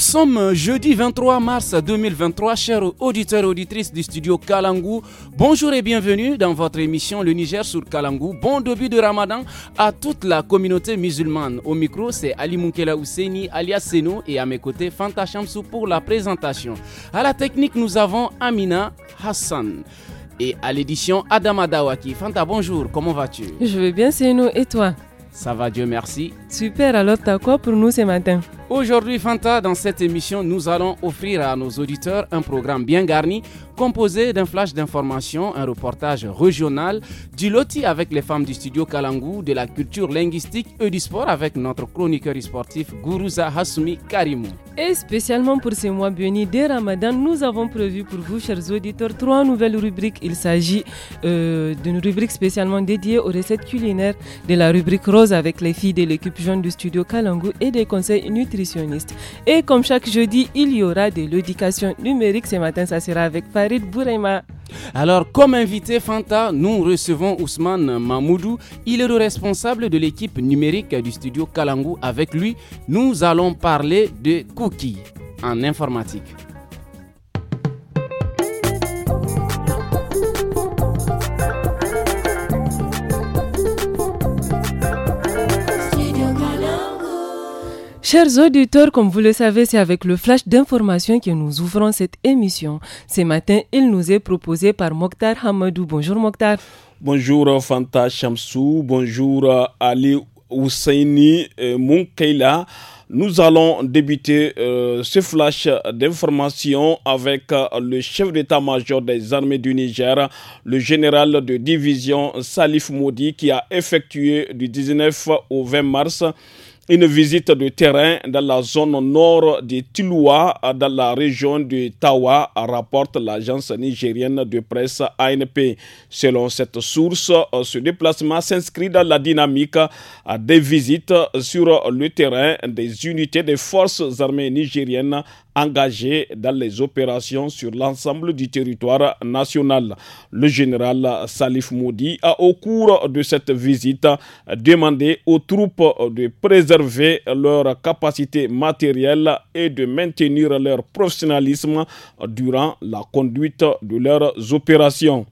Nous sommes jeudi 23 mars 2023, chers auditeurs et auditrices du studio Kalangu. Bonjour et bienvenue dans votre émission Le Niger sur Kalangu. Bon début de Ramadan à toute la communauté musulmane. Au micro, c'est Ali Moukela Ouseni, alias Seno, et à mes côtés, Fanta Chamsou pour la présentation. À la technique, nous avons Amina Hassan et à l'édition Adama Dawaki. Fanta, bonjour, comment vas-tu Je vais bien, Seno, et toi Ça va, Dieu merci. Super, alors t'as quoi pour nous ce matin Aujourd'hui, Fanta, dans cette émission, nous allons offrir à nos auditeurs un programme bien garni, composé d'un flash d'informations, un reportage régional, du loti avec les femmes du studio Kalangu, de la culture linguistique et du sport avec notre chroniqueur sportif Guruza Hasumi Karimou. Et spécialement pour ce mois béni de Ramadan, nous avons prévu pour vous, chers auditeurs, trois nouvelles rubriques. Il s'agit euh, d'une rubrique spécialement dédiée aux recettes culinaires, de la rubrique rose avec les filles de l'équipe du studio Kalangu et des conseils nutritionnistes. Et comme chaque jeudi, il y aura de l'éducation numérique. Ce matin, ça sera avec Farid Bourema. Alors, comme invité Fanta, nous recevons Ousmane Mamoudou. Il est le responsable de l'équipe numérique du studio Kalangu. Avec lui, nous allons parler de cookies en informatique. Chers auditeurs, comme vous le savez, c'est avec le flash d'information que nous ouvrons cette émission. Ce matin, il nous est proposé par Mokhtar Hamadou. Bonjour Mokhtar. Bonjour Fanta Chamsou. Bonjour euh, Ali Ousseini euh, Munkeila. Nous allons débuter euh, ce flash d'information avec le chef d'état-major des armées du Niger, le général de division Salif Modi, qui a effectué du 19 au 20 mars une visite de terrain dans la zone nord de Tiloua, dans la région de Tawa, rapporte l'agence nigérienne de presse ANP. Selon cette source, ce déplacement s'inscrit dans la dynamique des visites sur le terrain des unités des forces armées nigériennes engagés dans les opérations sur l'ensemble du territoire national. Le général Salif Moudi a au cours de cette visite demandé aux troupes de préserver leur capacité matérielle et de maintenir leur professionnalisme durant la conduite de leurs opérations.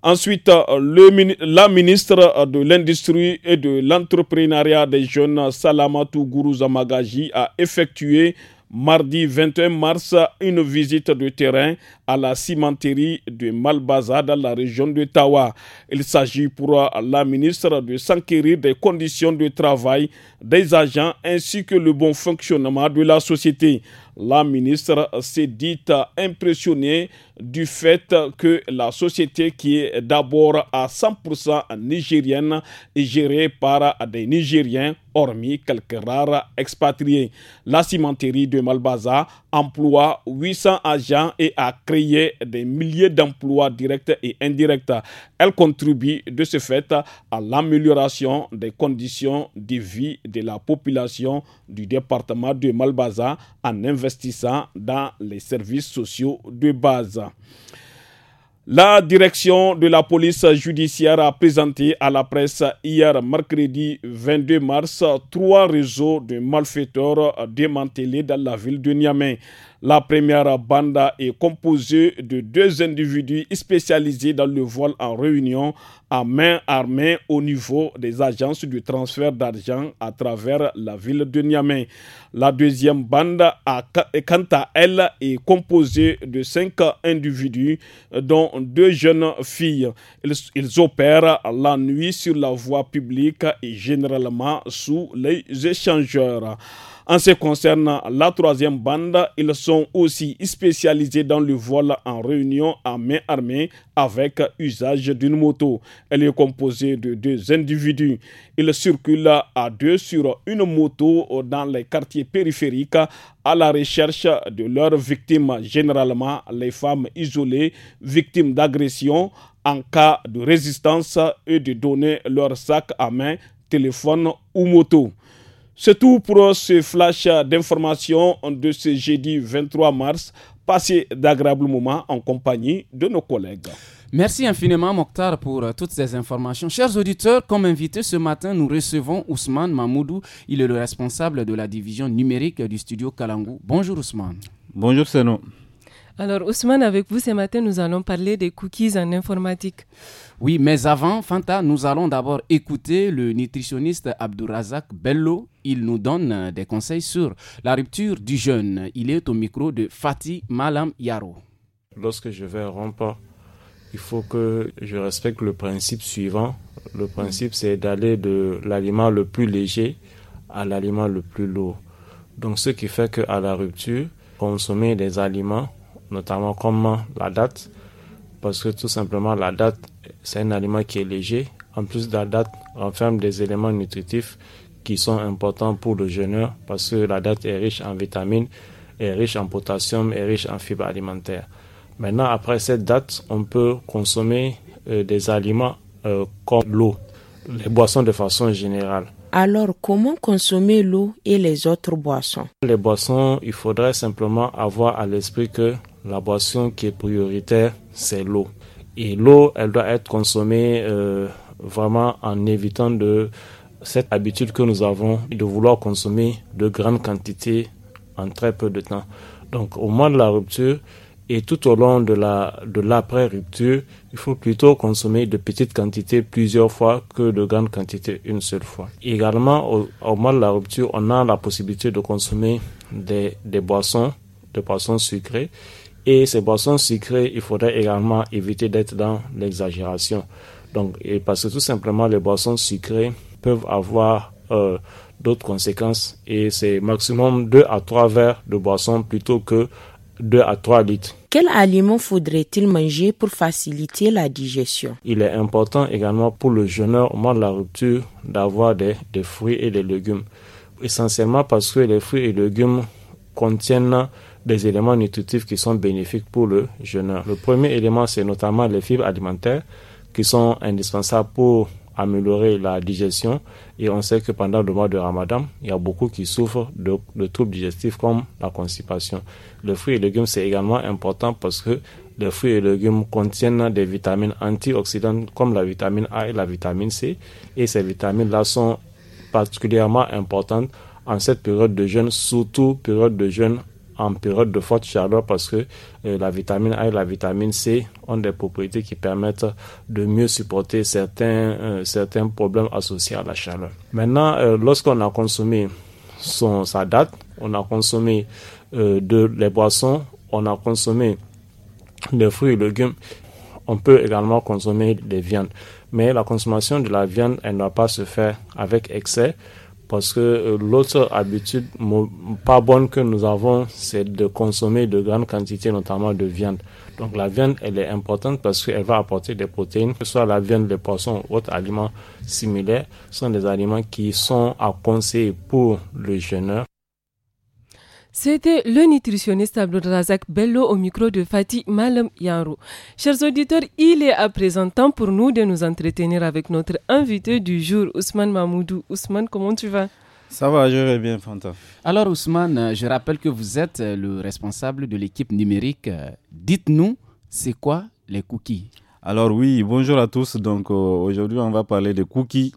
Ensuite, la ministre de l'Industrie et de l'Entrepreneuriat des Jeunes, Salamatou Gourouzamagaji, a effectué Mardi 21 mars, une visite de terrain à la cimenterie de Malbaza dans la région de Tawa. Il s'agit pour euh, la ministre de s'enquérir des conditions de travail des agents ainsi que le bon fonctionnement de la société. La ministre s'est dite impressionnée du fait que la société qui est d'abord à 100% nigérienne est gérée par des Nigériens hormis quelques rares expatriés. La cimenterie de Malbaza emploie 800 agents et a créé des milliers d'emplois directs et indirects. Elle contribue de ce fait à l'amélioration des conditions de vie de la population du département de Malbaza en investissant dans les services sociaux de base. La direction de la police judiciaire a présenté à la presse hier mercredi 22 mars trois réseaux de malfaiteurs démantelés dans la ville de Niamey. La première bande est composée de deux individus spécialisés dans le vol en réunion à main armée au niveau des agences de transfert d'argent à travers la ville de Niamey. La deuxième bande, quant à elle, est composée de cinq individus, dont deux jeunes filles. ils opèrent la nuit sur la voie publique et généralement sous les échangeurs. En ce qui concerne la troisième bande, ils sont aussi spécialisés dans le vol en réunion à main armée avec usage d'une moto. Elle est composée de deux individus. Ils circulent à deux sur une moto dans les quartiers périphériques à la recherche de leurs victimes, généralement les femmes isolées, victimes d'agression en cas de résistance et de donner leur sac à main, téléphone ou moto. C'est tout pour ce flash d'informations de ce jeudi 23 mars. Passez d'agréables moments en compagnie de nos collègues. Merci infiniment Mokhtar pour euh, toutes ces informations. Chers auditeurs, comme invité ce matin, nous recevons Ousmane Mamoudou. Il est le responsable de la division numérique du studio Kalangou. Bonjour Ousmane. Bonjour Seno. Alors Ousmane, avec vous ce matin, nous allons parler des cookies en informatique. Oui, mais avant, Fanta, nous allons d'abord écouter le nutritionniste Abdourazak Bello. Il nous donne euh, des conseils sur la rupture du jeûne. Il est au micro de Fatih Malam Yaro. Lorsque je vais rompre, il faut que je respecte le principe suivant. Le principe, c'est d'aller de l'aliment le plus léger à l'aliment le plus lourd. Donc, ce qui fait qu'à la rupture, consommer des aliments notamment comment la date, parce que tout simplement la date, c'est un aliment qui est léger. En plus, de la date renferme des éléments nutritifs qui sont importants pour le jeûneur, parce que la date est riche en vitamines, est riche en potassium, est riche en fibres alimentaires. Maintenant, après cette date, on peut consommer euh, des aliments euh, comme l'eau, les boissons de façon générale. Alors, comment consommer l'eau et les autres boissons Les boissons, il faudrait simplement avoir à l'esprit que la boisson qui est prioritaire, c'est l'eau. Et l'eau, elle doit être consommée euh, vraiment en évitant de cette habitude que nous avons de vouloir consommer de grandes quantités en très peu de temps. Donc au moment de la rupture et tout au long de de l'après-rupture, il faut plutôt consommer de petites quantités plusieurs fois que de grandes quantités une seule fois. Également au, moment de la rupture, on a la possibilité de consommer des, des boissons, des boissons sucrées et ces boissons sucrées, il faudrait également éviter d'être dans l'exagération. Donc, et parce que tout simplement, les boissons sucrées peuvent avoir euh, d'autres conséquences et c'est maximum 2 à 3 verres de boisson plutôt que 2 à 3 litres. Quel aliment faudrait-il manger pour faciliter la digestion Il est important également pour le jeûneur au moment de la rupture d'avoir des, des, fruits et des légumes. Essentiellement parce que les fruits et légumes contiennent des éléments nutritifs qui sont bénéfiques pour le jeûneur. Le premier élément, c'est notamment les fibres alimentaires qui sont indispensables pour améliorer la digestion. Et on sait que pendant le mois de Ramadan, il y a beaucoup qui souffrent de, troubles digestifs comme la constipation. le fruit et légumes, c'est également important parce que les fruits et légumes contiennent des vitamines antioxydantes comme la vitamine A et la vitamine C. Et ces vitamines-là sont particulièrement importantes en cette période de jeûne, surtout période de jeûne en période de forte chaleur parce que euh, la vitamine A et la vitamine C ont des propriétés qui permettent de mieux supporter certains, euh, certains problèmes associés à la chaleur. Maintenant, euh, lorsqu'on a consommé son, sa date, on a consommé de, les boissons, on a consommé des fruits et légumes, on peut également consommer des viandes. Mais la consommation de la viande, elle ne doit pas se faire avec excès parce que euh, l'autre habitude pas bonne que nous avons, c'est de consommer de grandes quantités, notamment de viande. Donc la viande, elle est importante parce qu'elle va apporter des protéines, que ce soit la viande, les poissons ou autres aliments similaires, sont des aliments qui sont à conseiller pour le jeûneur. C'était le nutritionniste Razak Bello au micro de Fatih Malam Yarou. Chers auditeurs, il est à présent temps pour nous de nous entretenir avec notre invité du jour, Ousmane Mamoudou. Ousmane, comment tu vas ça va, je vais bien, Fanta. Alors, Ousmane, euh, je rappelle que vous êtes euh, le responsable de l'équipe numérique. Euh, dites-nous, c'est quoi les cookies Alors oui, bonjour à tous. Donc aujourd'hui, on va parler des cookies.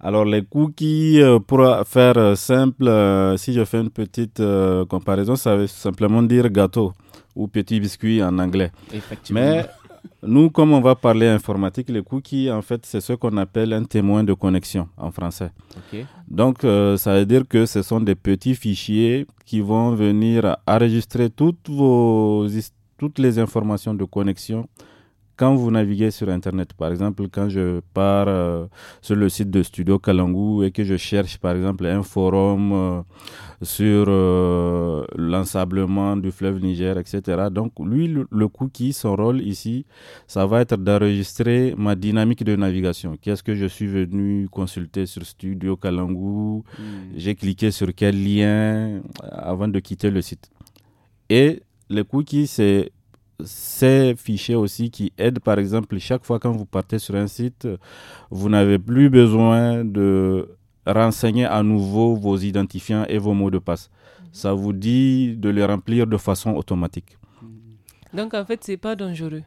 Alors les cookies, euh, pour faire euh, simple, euh, si je fais une petite comparaison, ça veut simplement dire gâteau ou petit biscuit en anglais. Mais nous, comme on va parler informatique, les cookies, en fait, c'est ce qu'on appelle un témoin de connexion en français. Donc, ça veut dire que ce sont des petits fichiers qui vont venir enregistrer toutes, vos, toutes les informations de connexion quand vous naviguez sur Internet, par exemple, quand je pars euh, sur le site de Studio Kalangu et que je cherche, par exemple, un forum euh, sur euh, l'ensablement du fleuve Niger, etc. Donc, lui, le, cookie, son rôle ici, ça va être d'enregistrer ma dynamique de navigation. Qu'est-ce que je suis venu consulter sur Studio Kalangu hmm. J'ai cliqué sur quel lien avant de quitter le site. Et le cookie, c'est ces fichiers aussi qui aident, par exemple, chaque fois quand vous partez sur un site, vous n'avez plus besoin de renseigner à nouveau vos identifiants et vos mots de passe. Mhm. Ça vous dit de les remplir de façon automatique. Mhm. Donc en fait, ce n'est pas dangereux.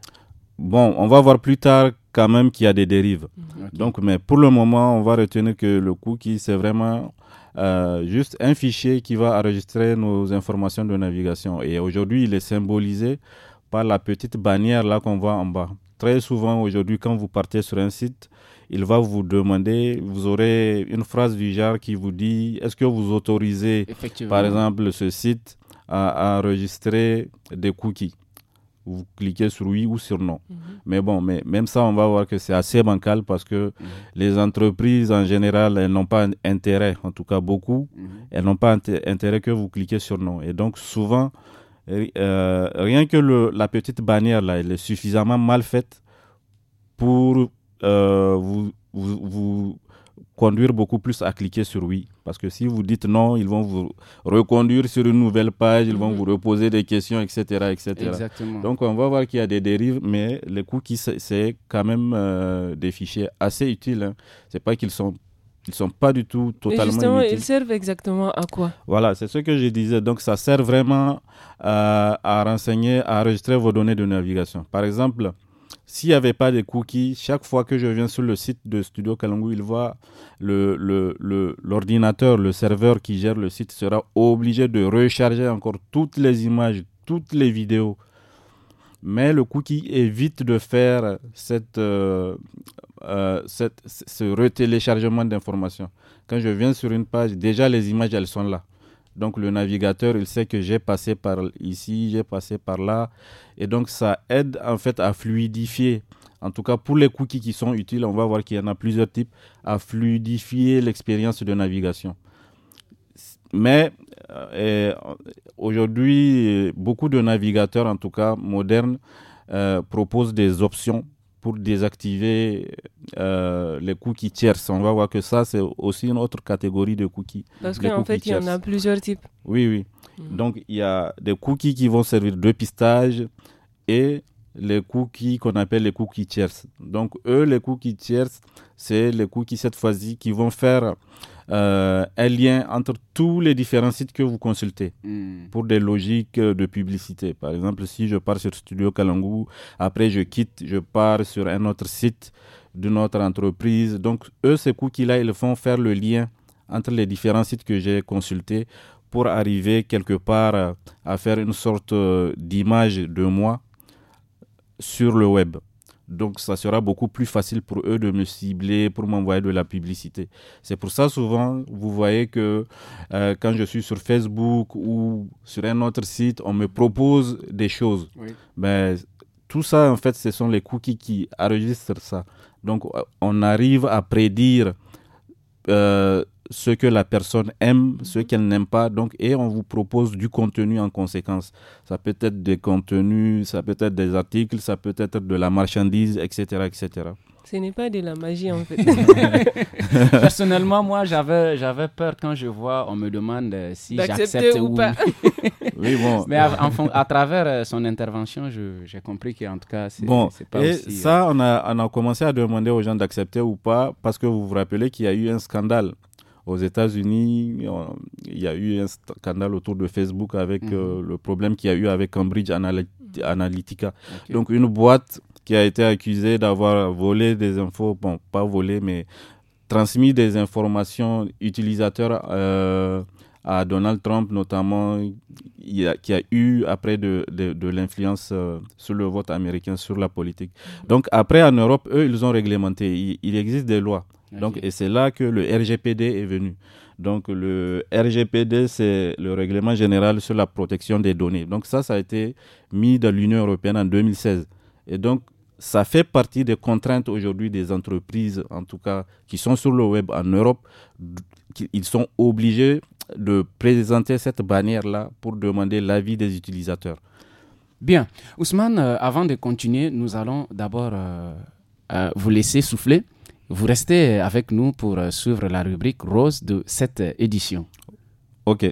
Bon, on va voir plus tard quand même qu'il y a des dérives. Mhm. Donc, mais pour le moment, on va retenir que le cookie, c'est vraiment euh, juste un fichier qui va enregistrer nos informations de navigation. Et aujourd'hui, il est symbolisé par la petite bannière là qu'on voit en bas. Très souvent aujourd'hui, quand vous partez sur un site, il va vous demander, vous aurez une phrase du genre qui vous dit est-ce que vous autorisez, par exemple, ce site à, enregistrer des cookies vous cliquez sur oui ou sur non. Mhm. Mais bon, mais même ça, on va voir que c'est assez bancal parce que mhm. les entreprises en général, elles n'ont pas intérêt, en tout cas beaucoup, mhm. elles n'ont pas intérêt que vous cliquez sur non. Et donc souvent, euh, rien que la petite bannière là, elle est suffisamment mal faite pour euh, vous, vous, conduire beaucoup plus à cliquer sur oui. Parce que si vous dites non, ils vont vous reconduire sur une nouvelle page, ils vont mhm. vous reposer des questions, etc. etc. Donc on va voir qu'il y a des dérives, mais les qui c'est quand même euh, des fichiers assez utiles. Hein. c'est pas qu'ils sont ils ne sont pas du tout totalement. Et justement, ils servent exactement à quoi Voilà, c'est ce que je disais. Donc, ça sert vraiment euh, à, renseigner, à enregistrer vos données de navigation. Par exemple, s'il n'y avait pas de cookies, chaque fois que je viens sur le site de Studio Kalangu, il voit l'ordinateur, le, le, le serveur qui gère le site sera obligé de recharger encore toutes les images, toutes les vidéos. Mais le cookie évite de faire cette euh, euh, cette, ce retéléchargement d'informations. Quand je viens sur une page, déjà les images, elles sont là. Donc le navigateur, il sait que j'ai passé par ici, j'ai passé par là. Et donc ça aide en fait à fluidifier. En tout cas, pour les cookies qui sont utiles, on va voir qu'il y en a plusieurs types, à fluidifier l'expérience de navigation. Mais euh, euh, aujourd'hui, beaucoup de navigateurs, en tout cas modernes, proposent des options pour désactiver euh, les cookies tierces. On va voir que ça, c'est aussi une autre catégorie de cookies. Parce qu'en fait, il y en a plusieurs types. Oui, oui. Hmm. Donc, il y a des cookies qui vont servir de pistage et les cookies qu'on appelle les cookies tierces. Donc, eux, les cookies tierces, c'est les cookies cette fois-ci qui vont faire euh, un lien entre tous les différents sites que vous consultez hmm. pour des logiques de publicité. Par exemple, si je pars sur Studio Kalangu, après je quitte, je pars sur un autre site d'une autre entreprise. Donc, eux, ces cookies-là, ils font faire le lien entre les différents sites que j'ai consultés pour arriver quelque part à faire une sorte euh, d'image de moi sur le web. Donc ça sera beaucoup plus facile pour eux de me cibler, pour m'envoyer de la publicité. C'est pour ça souvent, vous voyez que euh, quand je suis sur Facebook ou sur un autre site, on me propose des choses. Mais ben, tout ça, en fait, ce sont les cookies qui enregistrent ça. Donc euh, on arrive à prédire euh, ce que la personne aime, ce mhm. qu'elle n'aime pas, donc, et on vous propose du contenu en conséquence. Ça peut être des contenus, ça peut être des articles, ça peut être de la marchandise, etc., etc. Ce n'est pas de la magie en fait. Personnellement, moi, j'avais, j'avais peur quand je vois, on me demande euh, si j'accepte ou, pas. oui, bon. Mais à, travers euh, son intervention, j'ai compris qu'en tout cas, c'est, bon, et ça, euh, on, a, on a commencé à demander aux gens d'accepter ou pas parce que vous vous rappelez qu'il y a eu un scandale aux États-Unis, euh, il y a eu un scandale autour de Facebook avec mhm. euh, le problème qu'il y a eu avec Cambridge mhm. Analytica. Donc une boîte qui a été accusée d'avoir volé des infos, bon, pas volé, mais transmis des informations utilisateurs euh, à Donald Trump notamment, qui a eu après de, l'influence euh, sur le vote américain, sur la politique. Donc après, en Europe, eux, ils ont réglementé. Il, existe des lois. Donc, et c'est là que le RGPD est venu. Donc le RGPD, c'est le règlement général sur la protection des données. Donc ça, ça a été mis dans l'Union européenne en 2016. Et donc, ça fait partie des contraintes aujourd'hui des entreprises, en tout cas, qui sont sur le web en Europe. Ils sont obligés de présenter cette bannière-là pour demander l'avis des utilisateurs. Bien. Ousmane, euh, avant de continuer, nous allons d'abord euh, euh, vous laisser souffler. Vous restez avec nous pour suivre la rubrique rose de cette édition. OK.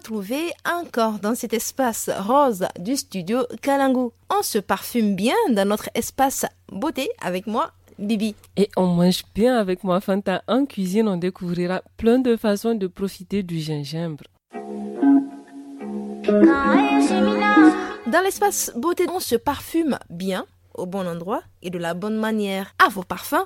retrouver encore dans cet espace rose du studio Kalangu. On se parfume bien dans notre espace beauté avec moi, Bibi. Et on mange bien avec moi, Fanta. En cuisine, on découvrira plein de façons de profiter du gingembre. Dans l'espace beauté, on se parfume bien, au bon endroit et de la bonne manière. À vos parfums,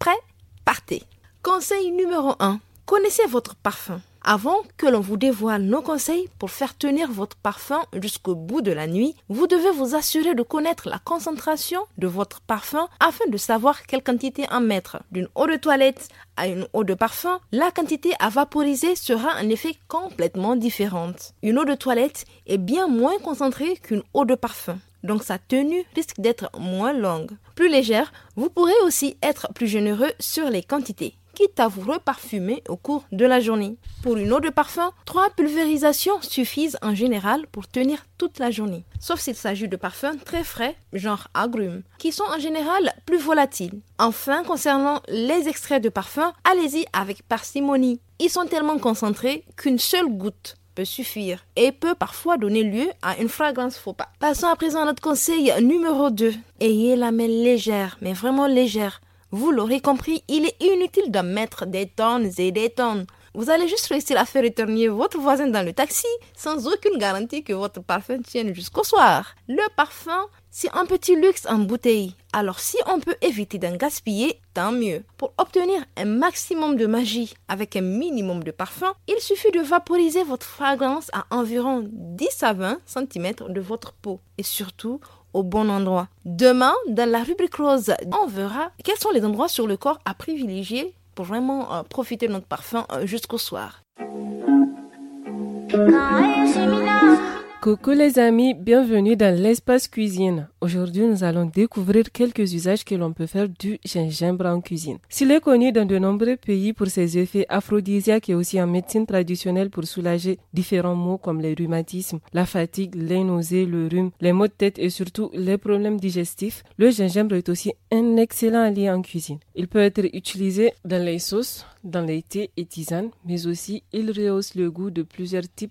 prêt partez. Conseil numéro 1. Connaissez votre parfum. Avant que l'on vous dévoile nos conseils pour faire tenir votre parfum jusqu'au bout de la nuit, vous devez vous assurer de connaître la concentration de votre parfum afin de savoir quelle quantité en mettre. D'une eau de toilette à une eau de parfum, la quantité à vaporiser sera en effet complètement différente. Une eau de toilette est bien moins concentrée qu'une eau de parfum donc sa tenue risque d'être moins longue. Plus légère, vous pourrez aussi être plus généreux sur les quantités quitte à vous reparfumer au cours de la journée. Pour une eau de parfum, trois pulvérisations suffisent en général pour tenir toute la journée, sauf s'il s'agit de parfums très frais, genre agrumes, qui sont en général plus volatiles. Enfin, concernant les extraits de parfums, allez-y avec parcimonie. Ils sont tellement concentrés qu'une seule goutte peut suffire et peut parfois donner lieu à une fragrance faux pas. Passons à présent à notre conseil numéro 2. Ayez la main légère, mais vraiment légère vous l'aurez compris, il est inutile de mettre des tonnes et des tonnes. Vous allez juste réussir à faire éternuer votre voisin dans le taxi sans aucune garantie que votre parfum tienne jusqu'au soir. Le parfum, c'est un petit luxe en bouteille. Alors si on peut éviter d'en gaspiller, tant mieux. Pour obtenir un maximum de magie avec un minimum de parfum, il suffit de vaporiser votre fragrance à environ 10 à 20 cm de votre peau. Et surtout, bon endroit. Demain, dans la rubrique rose, on verra quels sont les endroits sur le corps à privilégier pour vraiment euh, profiter de notre parfum euh, jusqu'au soir. Ah, Coucou les amis, bienvenue dans l'espace cuisine. Aujourd'hui, nous allons découvrir quelques usages que l'on peut faire du gingembre en cuisine. S'il est connu dans de nombreux pays pour ses effets aphrodisiaques et aussi en médecine traditionnelle pour soulager différents maux comme les rhumatismes, la fatigue, les nausées, le rhume, les maux de tête et surtout les problèmes digestifs, le gingembre est aussi un excellent allié en cuisine. Il peut être utilisé dans les sauces, dans les thés et tisanes, mais aussi il rehausse le goût de plusieurs types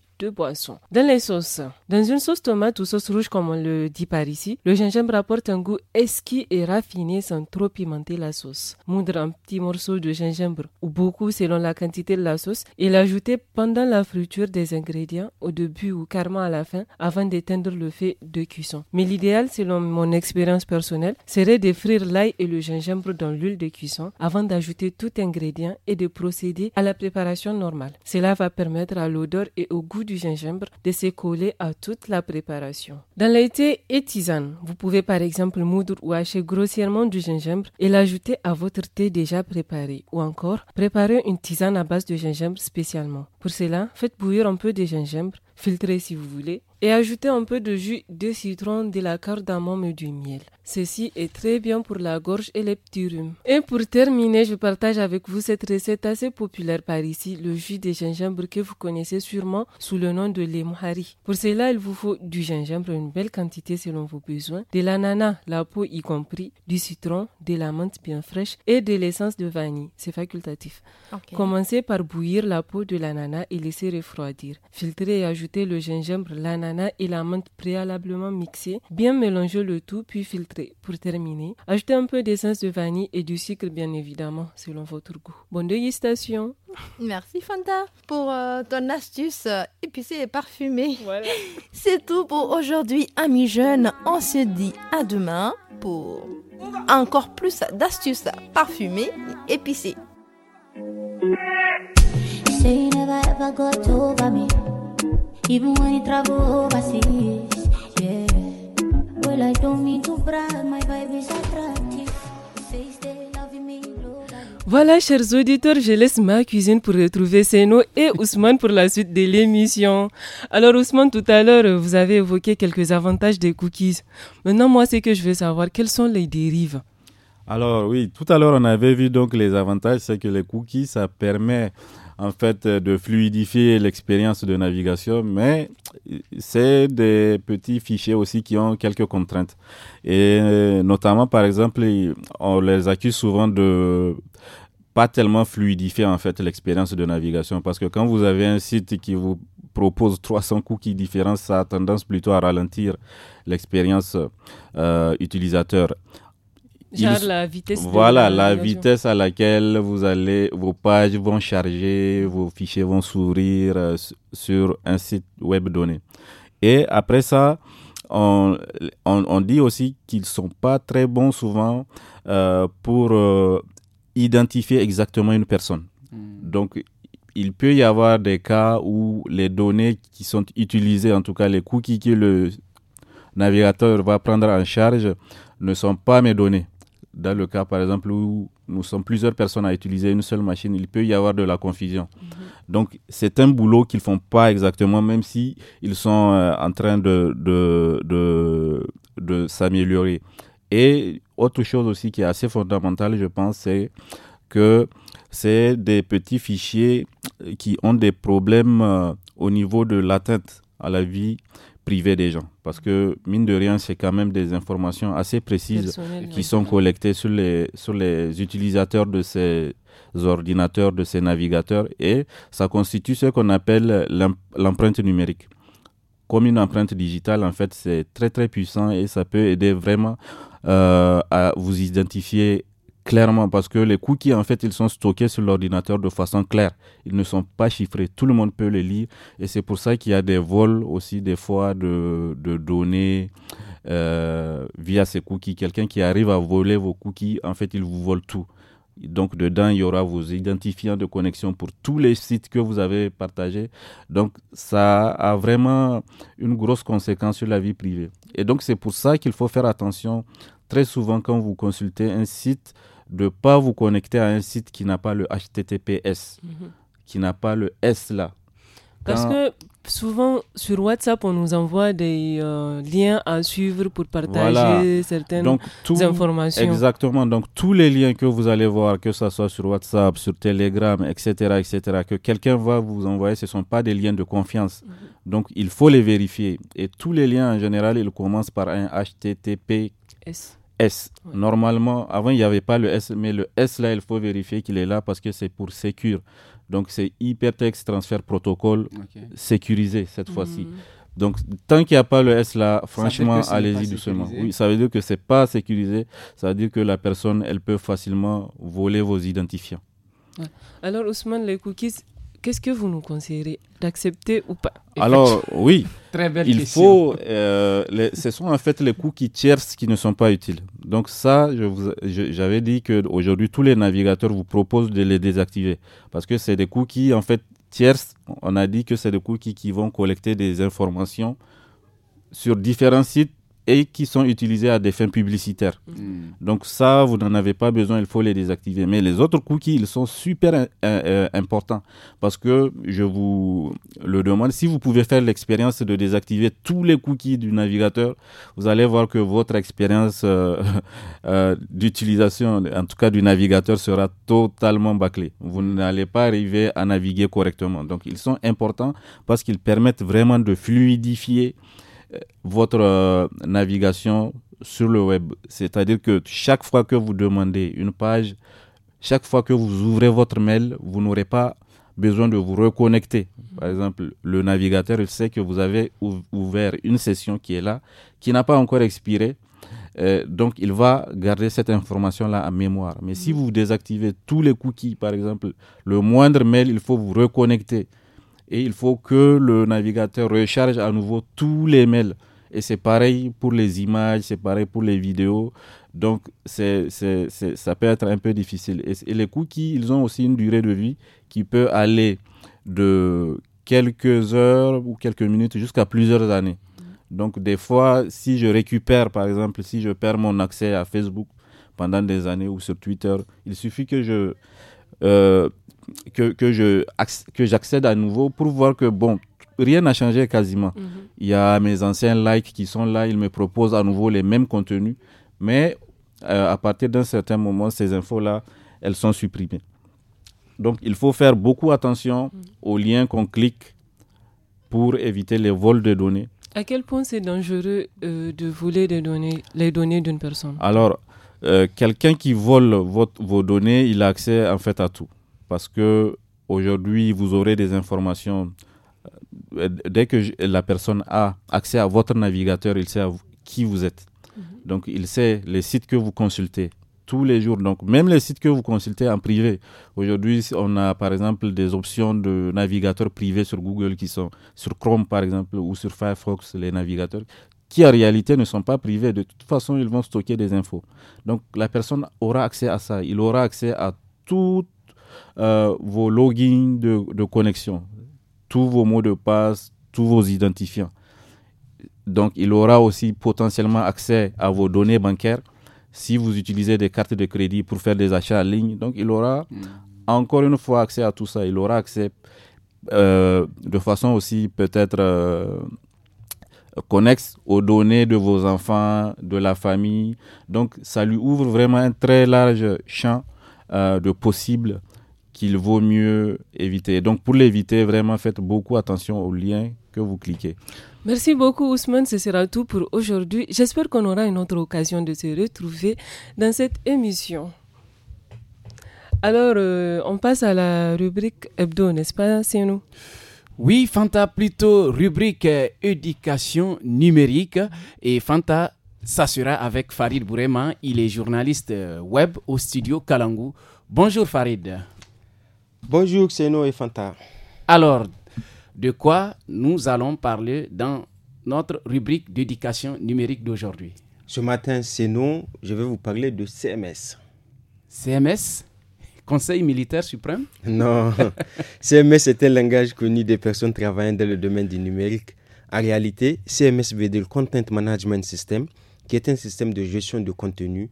dans les sauces, dans une sauce tomate ou sauce rouge comme on le dit par ici, le gingembre apporte un goût esquis et raffiné sans trop pimenter la sauce. Moudre un petit morceau de gingembre ou beaucoup selon la quantité de la sauce et l'ajouter pendant la friture des ingrédients au début ou carrément à la fin avant d'éteindre le fait de cuisson. Mais l'idéal selon mon expérience personnelle serait de frire l'ail et le gingembre dans l'huile de cuisson avant d'ajouter tout ingrédient et de procéder à la préparation normale. Cela va permettre à l'odeur et au goût du gingembre de se coller à toute la préparation. Dans les thés et tisanes, vous pouvez par exemple moudre ou hacher grossièrement du gingembre et l'ajouter à votre thé déjà préparé ou encore préparer une tisane à base de gingembre spécialement. Pour cela, faites bouillir un peu de gingembre, filtrez si vous voulez, et ajoutez un peu de jus de citron, de la cardamome et du miel. Ceci est très bien pour la gorge et les petits rhumes. Et pour terminer, je partage avec vous cette recette assez populaire par ici, le jus de gingembre que vous connaissez sûrement sous le nom de lemhari. Pour cela, il vous faut du gingembre, une belle quantité selon vos besoins, de l'ananas, la peau y compris, du citron, de la menthe bien fraîche et de l'essence de vanille. C'est facultatif. Commencez par bouillir la peau de l'ananas et laissez refroidir. Filtrez et ajoutez le gingembre, l'ananas, et la menthe préalablement mixée. Bien mélanger le tout puis filtrer. Pour terminer, ajoutez un peu d'essence de vanille et du sucre bien évidemment selon votre goût. Bonne dégustation. Merci Fanta pour euh, ton astuce euh, épicée et parfumée. Voilà. C'est tout pour aujourd'hui amis jeunes. On se dit à demain pour encore plus d'astuces parfumées et épicées. Voilà, chers auditeurs, je laisse ma cuisine pour retrouver Seno et Ousmane pour la suite de l'émission. Alors, Ousmane, tout à l'heure, vous avez évoqué quelques avantages des cookies. Maintenant, moi, c'est que je veux savoir quelles sont les dérives. Alors, oui, tout à l'heure, on avait vu donc les avantages, c'est que les cookies, ça permet en fait euh, de fluidifier l'expérience de navigation, mais c'est des petits fichiers aussi qui ont quelques contraintes. Et euh, notamment, par exemple, on les accuse souvent de pas tellement fluidifier en fait l'expérience de navigation parce que quand vous avez un site qui vous propose 300 cookies différents, ça a tendance plutôt à ralentir l'expérience euh, utilisateur la vitesse. Voilà, la, vitesse à laquelle vous allez, vos pages vont charger, vos fichiers vont s'ouvrir euh, sur un site web donné. Et après ça, on, on, dit aussi qu'ils ne sont pas très bons souvent euh, pour euh, identifier exactement une personne. Hmm. Donc, il peut y avoir des cas où les données qui sont utilisées, en tout cas les cookies que le navigateur va prendre en charge, ne sont pas mes données dans le cas, par exemple, où nous sommes plusieurs personnes à utiliser une seule machine, il peut y avoir de la confusion. Mhm. Donc, c'est un boulot qu'ils ne font pas exactement, même si sont euh, en train de, de, de, de s'améliorer. Et autre chose aussi qui est assez fondamentale, je pense, c'est que c'est des petits fichiers qui ont des problèmes euh, au niveau de l'atteinte à la vie priver des gens. Parce que, mine de rien, c'est quand même des informations assez précises qui sont collectées sur les, sur les utilisateurs de ces ordinateurs, de ces navigateurs, et ça constitue ce qu'on appelle l'empreinte numérique. Comme une empreinte digitale, en fait, c'est très très puissant et ça peut aider vraiment euh, à vous identifier clairement parce que les cookies, en fait, ils sont stockés sur l'ordinateur de façon claire. Ils ne sont pas chiffrés. Tout le monde peut les lire. Et c'est pour ça qu'il y a des vols aussi, des fois, de, de données euh, via ces cookies. Quelqu'un qui arrive à voler vos cookies, en fait, il vous vole tout. Donc, dedans, il y aura vos identifiants de connexion pour tous les sites que vous avez partagés. Donc, ça a vraiment une grosse conséquence sur la vie privée. Et donc, c'est pour ça qu'il faut faire attention. Très souvent, quand vous consultez un site, de ne pas vous connecter à un site qui n'a pas le HTTPS, mhm. qui n'a pas le S là. Parce que souvent sur WhatsApp, on nous envoie des euh, liens à suivre pour partager certaines informations. Exactement. Donc tous les liens que vous allez voir, que ce soit sur WhatsApp, sur Telegram, etc., etc., que quelqu'un va vous envoyer, ce ne sont pas des liens de confiance. Mhm. Donc il faut les vérifier. Et tous les liens en général, ils commencent par un HTTPS. S. Normalement, avant, il n'y avait pas le S, mais le S, là, il faut vérifier qu'il est là parce que c'est pour Secure. Donc, c'est Hypertext Transfer Protocol sécurisé cette mhm. fois-ci. Donc, tant qu'il n'y a pas le S là, franchement, allez-y doucement. Oui, ça veut dire que ce n'est pas sécurisé. Ça veut dire que la personne, elle peut facilement voler vos identifiants. Alors, Ousmane, les cookies, qu'est-ce que vous nous conseillez d'accepter ou pas Alors oui, Très il faut, euh, ce sont en fait les cookies qui qui ne sont pas utiles. Donc ça, j'avais dit qu'aujourd'hui tous les navigateurs vous proposent de les désactiver parce que c'est des cookies en fait tierces, On a dit que c'est des cookies qui vont collecter des informations sur différents sites et qui sont utilisés à des fins publicitaires. Mm. Mm. Donc ça, vous n'en avez pas besoin, il faut les désactiver. Mais les autres cookies, ils sont super euh, euh, importants parce que je vous le demande, si vous pouvez faire l'expérience de désactiver tous les cookies du navigateur, vous allez voir que votre expérience euh, d'utilisation, en tout cas du navigateur, sera totalement bâclée. Vous n'allez pas arriver à naviguer correctement. Donc ils sont importants parce qu'ils permettent vraiment de fluidifier votre euh, navigation sur le web. C'est-à-dire que chaque fois que vous demandez une page, chaque fois que vous ouvrez votre mail, vous n'aurez pas besoin de vous reconnecter. Par exemple, le navigateur il sait que vous avez ouvert une session qui est là, qui n'a pas encore expiré. Euh, donc, il va garder cette information-là en mémoire. Mais si mm. vous désactivez tous les cookies, par exemple, le moindre mail, il faut vous reconnecter et il faut que le navigateur recharge à nouveau tous les mails. Et c'est pareil pour les images, c'est pareil pour les vidéos. Donc, c'est, c'est, ça peut être un peu difficile. et, les cookies, ils ont aussi une durée de vie qui peut aller de quelques heures ou quelques minutes jusqu'à plusieurs années. Donc, des fois, si je récupère, par exemple, si je perds mon accès à Facebook pendant des années ou sur Twitter, il suffit que je, euh, que, que, je, que j'accède à nouveau pour voir que, bon, rien n'a changé quasiment. Mhm. Il y a mes anciens likes qui sont là, ils me proposent à nouveau les mêmes contenus, mais euh, à partir d'un certain moment, ces infos-là, elles sont supprimées. Donc, il faut faire beaucoup attention mhm. aux liens qu'on clique pour éviter les vols de données. À quel point c'est dangereux euh, de voler des données, les données d'une personne Alors, euh, quelqu'un qui vole votre, vos données, il a accès en fait à tout. Parce que aujourd'hui, vous aurez des informations. Euh, dès que la personne a accès à votre navigateur, il sait qui vous êtes. Mhm. Donc, il sait les sites que vous consultez tous les jours. Donc, même les sites que vous consultez en privé. Aujourd'hui, on a par exemple des options de navigateurs privés sur Google qui sont sur Chrome par exemple ou sur Firefox, les navigateurs qui en réalité ne sont pas privés. De toute façon, ils vont stocker des infos. Donc la personne aura accès à ça. Il aura accès à tous euh, vos logins de, connexion, tous vos mots de passe, tous vos identifiants. Donc il aura aussi potentiellement accès à vos données bancaires si vous utilisez des cartes de crédit pour faire des achats en ligne. Donc, il aura mm. encore une fois accès à tout ça. Il aura accès euh, de façon aussi peut-être euh, connexes aux données de vos enfants, de la famille. Donc ça lui ouvre vraiment un très large champ euh, de possibles qu'il vaut mieux éviter. Donc pour l'éviter, vraiment faites beaucoup attention aux liens que vous cliquez. Merci beaucoup Ousmane, ce sera tout pour aujourd'hui. J'espère qu'on aura une autre occasion de se retrouver dans cette émission. Alors, euh, on passe à la rubrique hebdo, n'est-ce pas, c'est oui, Fanta, plutôt rubrique euh, éducation numérique. Et Fanta, s'assurera avec Farid Bourema. Il est journaliste euh, web au studio Kalangu. Bonjour Farid. Bonjour Xeno et Fanta. Alors, de quoi nous allons parler dans notre rubrique d'éducation numérique d'aujourd'hui Ce matin, Xeno, je vais vous parler de CMS. CMS Conseil militaire suprême Non. CMS est un langage connu des personnes travaillant dans le domaine du numérique. En réalité, CMS veut dire Content Management System, qui est un système de gestion de contenu.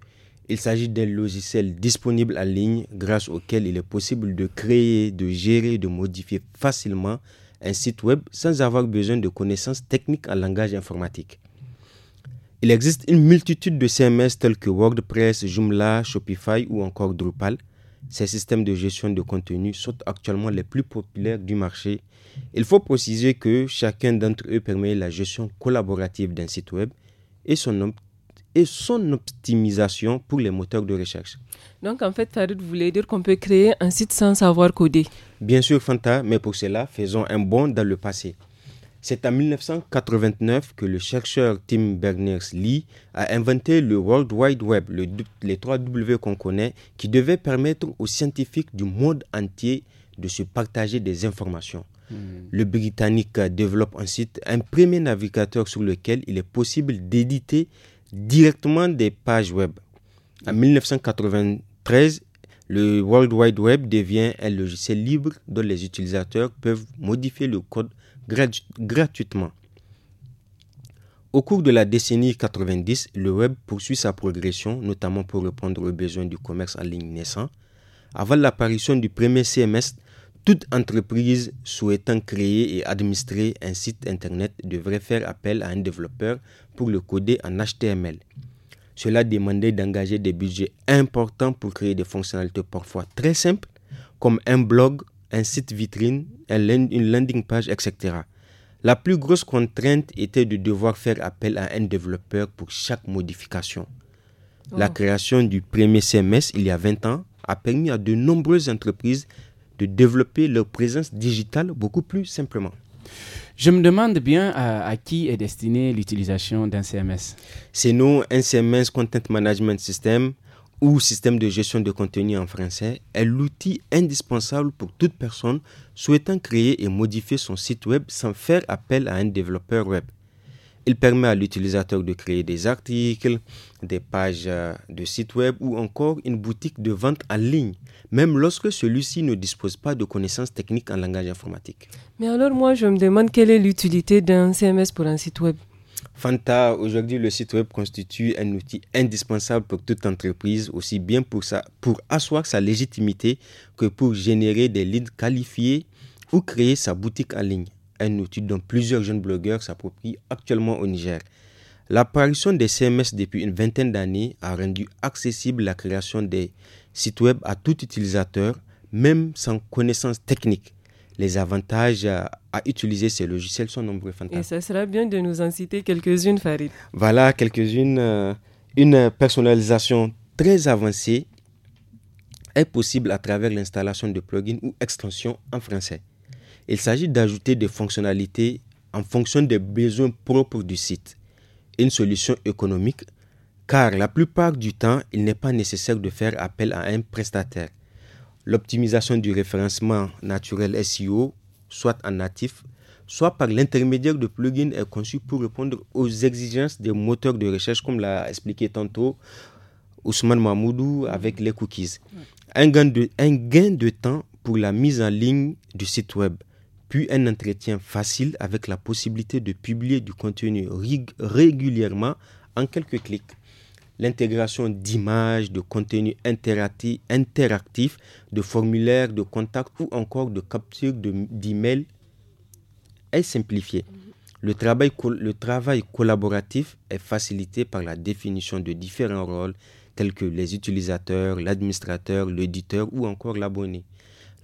Il s'agit d'un logiciel disponible en ligne grâce auquel il est possible de créer, de gérer, de modifier facilement un site web sans avoir besoin de connaissances techniques en langage informatique. Il existe une multitude de CMS tels que WordPress, Joomla, Shopify ou encore Drupal ces systèmes de gestion de contenu sont actuellement les plus populaires du marché. Il faut préciser que chacun d'entre eux permet la gestion collaborative d'un site web et son, optimisation pour les moteurs de recherche. Donc en fait, Farid voulait dire qu'on peut créer un site sans savoir coder. Bien sûr, Fanta, mais pour cela, faisons un bond dans le passé. C'est en 1989 que le chercheur Tim Berners-Lee a inventé le World Wide Web, le, les 3W qu'on connaît, qui devait permettre aux scientifiques du monde entier de se partager des informations. Hmm. Le Britannique développe ensuite un premier navigateur sur lequel il est possible d'éditer directement des pages web. En 1993, le World Wide Web devient un logiciel libre dont les utilisateurs peuvent modifier le code gratuitement. Au cours de la décennie 90, le web poursuit sa progression, notamment pour répondre aux besoins du commerce en ligne naissant. Avant l'apparition du premier CMS, toute entreprise souhaitant créer et administrer un site Internet devrait faire appel à un développeur pour le coder en HTML. Cela demandait d'engager des budgets importants pour créer des fonctionnalités parfois très simples, comme un blog un site vitrine, une landing page, etc. La plus grosse contrainte était de devoir faire appel à un développeur pour chaque modification. La oh. création du premier CMS il y a 20 ans a permis à de nombreuses entreprises de développer leur présence digitale beaucoup plus simplement. Je me demande bien à, euh, à qui est destinée l'utilisation d'un CMS. C'est nous, un CMS Content Management System, ou système de gestion de contenu en français est l'outil indispensable pour toute personne souhaitant créer et modifier son site web sans faire appel à un développeur web. Il permet à l'utilisateur de créer des articles, des pages euh, de site web ou encore une boutique de vente en ligne, même lorsque celui-ci ne dispose pas de connaissances techniques en langage informatique. Mais alors moi, je me demande quelle est l'utilité d'un CMS pour un site web Fanta, aujourd'hui, le site web constitue un outil indispensable pour toute entreprise, aussi bien pour, asseoir sa légitimité que pour générer des leads qualifiés ou créer sa boutique en ligne, un outil dont plusieurs jeunes blogueurs s'approprient actuellement au Niger. L'apparition des CMS depuis une vingtaine d'années a rendu accessible la création des sites web à tout utilisateur, même sans connaissance technique. Les avantages euh, à utiliser ces logiciels sont nombreux. Fanta. Et ça sera bien de nous en citer quelques-unes, Farid. Voilà, quelques-unes. Euh, une personnalisation très avancée est possible à travers l'installation de plugins ou extensions en français. Il s'agit d'ajouter des fonctionnalités en fonction des besoins propres du site. Une solution économique, car la plupart du temps, il n'est pas nécessaire de faire appel à un prestataire. L'optimisation du référencement naturel SEO soit en natif, soit par l'intermédiaire de plugins conçus pour répondre aux exigences des moteurs de recherche, comme l'a expliqué tantôt Ousmane Mahmoudou avec les cookies. Un gain, de, un gain de temps pour la mise en ligne du site web, puis un entretien facile avec la possibilité de publier du contenu régulièrement en quelques clics l'intégration d'images, de contenus interactifs, de formulaires de contact ou encore de captures d'emails est simplifiée. Mhm. Le travail, collaboratif est facilité par la définition de différents rôles tels que les utilisateurs, l'administrateur, l'éditeur ou encore l'abonné.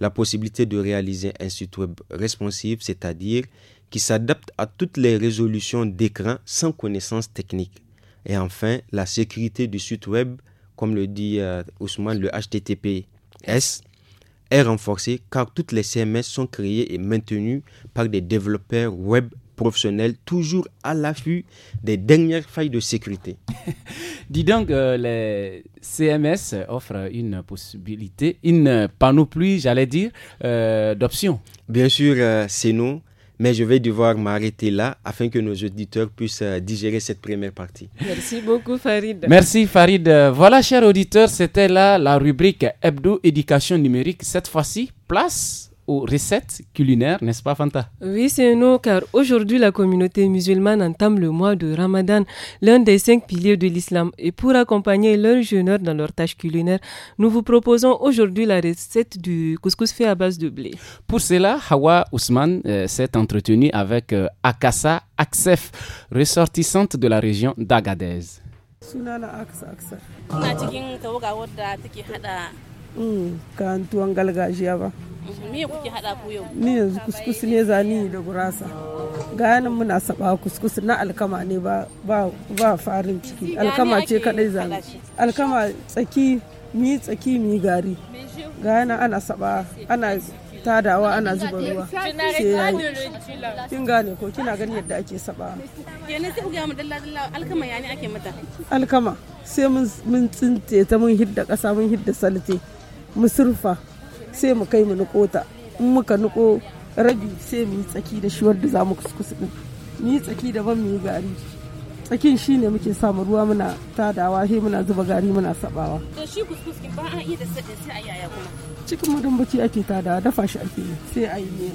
La possibilité de réaliser un site web responsive, c'est-à-dire qui s'adapte à toutes les résolutions d'écran sans connaissance techniques. Et enfin, la sécurité du site web, comme le dit euh, Ousmane, le HTTPS est renforcée car toutes les CMS sont créées et maintenues par des développeurs web professionnels toujours à l'affût des dernières failles de sécurité. Dis donc, euh, les CMS offrent une possibilité, une panoplie, j'allais dire, euh, d'options. Bien sûr, c'est nous mais je vais devoir m'arrêter là afin que nos auditeurs puissent euh, digérer cette première partie. Merci beaucoup Farid. Merci Farid. Euh, voilà chers auditeurs, c'était là la rubrique Hebdo Éducation numérique. Cette fois-ci, place aux recettes culinaires, n'est-ce pas Fanta Oui, c'est nous, car aujourd'hui la communauté musulmane entame le mois de Ramadan, l'un des cinq piliers de l'islam. Et pour accompagner leurs jeunes dans leurs tâches culinaires, nous vous proposons aujourd'hui la recette du couscous fait à base de blé. Pour cela, Hawa Ousmane euh, s'est entretenue avec euh, Akassa Aksef, ressortissante de la région d'Agadez. Mm, kayan tuwon galgajiya ba me kuke hada ku yau ni yanzu kuskus ne zani da gurasa gayanin muna saba kuskus na alkama ne ba ba farin ciki alkama ce kadai zani alkama tsaki mi tsaki mi gari gayana ana saba ana tadawa ana zuba ruwa sai yayi kin gane ko kina gani yadda ake saba kenan sai ga mu dalla dalla alkama ya ake mata alkama sai mun mun tsinte ta mun hidda kasa mun hidda salte mu surfa sai mu kai mu niko ta in muka niko rabi sai mu yi tsaki da shi wanda za mu kuskus din mu yi tsaki da ban mu yi gari tsakin shi ne muke samu ruwa muna tadawa sai muna zuba gari muna sabawa to shi kuskus ba a iya da sadin sai a yaya kuma cikin madambaci ake tadawa dafa shi ake yi sai a yi ne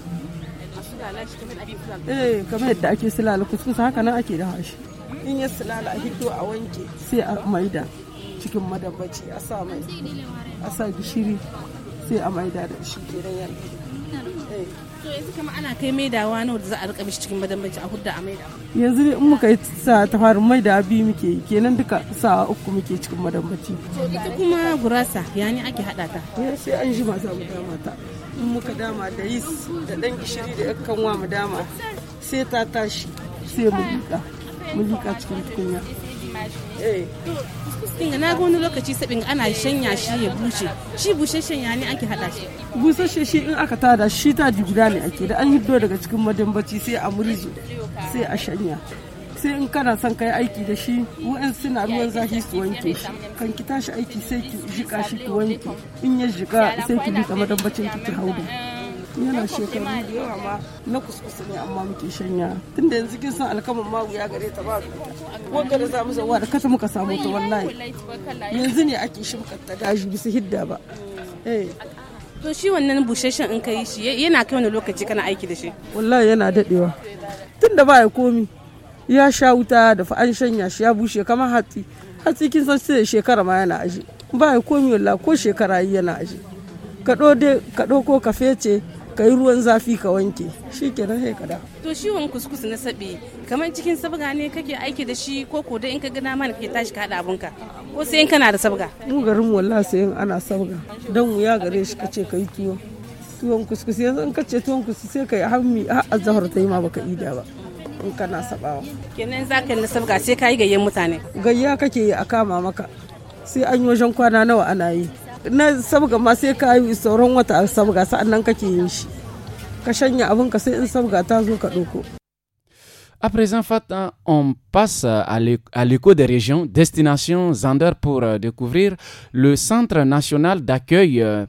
eh kamar yadda ake silala kuskus haka nan ake da hashi in ya silala a hito a wanke sai a maida cikin madabaci a sa mai a sa gishiri sai a maida da shi kenan ya eh. to yanzu ne ana kai maidawa za a rika cikin a hudda a maida yanzu in muka yi sa ta farin da abi muke yi kenan duka sa uku muke cikin madambaci. to ita kuma gurasa ya ne ake hada ta sai an ji masu abu dama ta in muka dama da yis da dan gishiri da yakan wa mu dama sai ta tashi sai mu liƙa mu liƙa cikin tukunya Kinga na ga wani lokaci sabin ana shanya shi ya bushe. Shi bushe shanya ne ake hada shi. Busasshe shi in aka tada shi ta ji guda ne ake da an hiddo daga cikin madambaci sai a murji sai a shanya. sai in kana son kai aiki da shi wa'an suna ruwan zafi su wanke shi kan ki tashi aiki sai ki jika shi ki wanke in ya jika sai ki bi kamar ki ki da. yana shekaru da yawa ma na kuskusu ne amma muke shanya tunda yanzu kin san alkaman magu ya gare ta ba wanda da zamu zawa da kasa muka samu ta wallahi yanzu ne ake shimkar ta gashi bisa hidda ba eh. to shi wannan busheshen in kai shi yana kai wani lokaci kana aiki da shi wallahi yana dadewa tunda ba ya komi ya sha wuta da fa an shanya shi ya bushe kamar hatsi hatsi kin san sai shekara ma yana aji ba ya komi wallahi ko shekara yana aji kaɗo dai kaɗo ko kafe ce ka yi ruwan zafi ka wanke shi ke nan sai ka da. To shi wani kuskus na sabi kamar cikin sabga ne kake aiki da shi ko ko in ka ga dama ne kake tashi ka abun abunka ko sai in kana da sabga. Mu garin wallahi sai in ana sabga dan ya gare shi kace ka yi Tuwon kuskus yanzu in kace tuwon kuskus sai ka yi hammi a azahar ta yi ma baka ida ba. in kana sabawa. Kenan za ka na sabga sai ka yi gayyen mutane. Gayya kake yi a kama maka sai an yi wajen kwana nawa ana yi. na À présent, on passe à l'écho des régions, destination Zander pour euh, découvrir le Centre national d'accueil euh,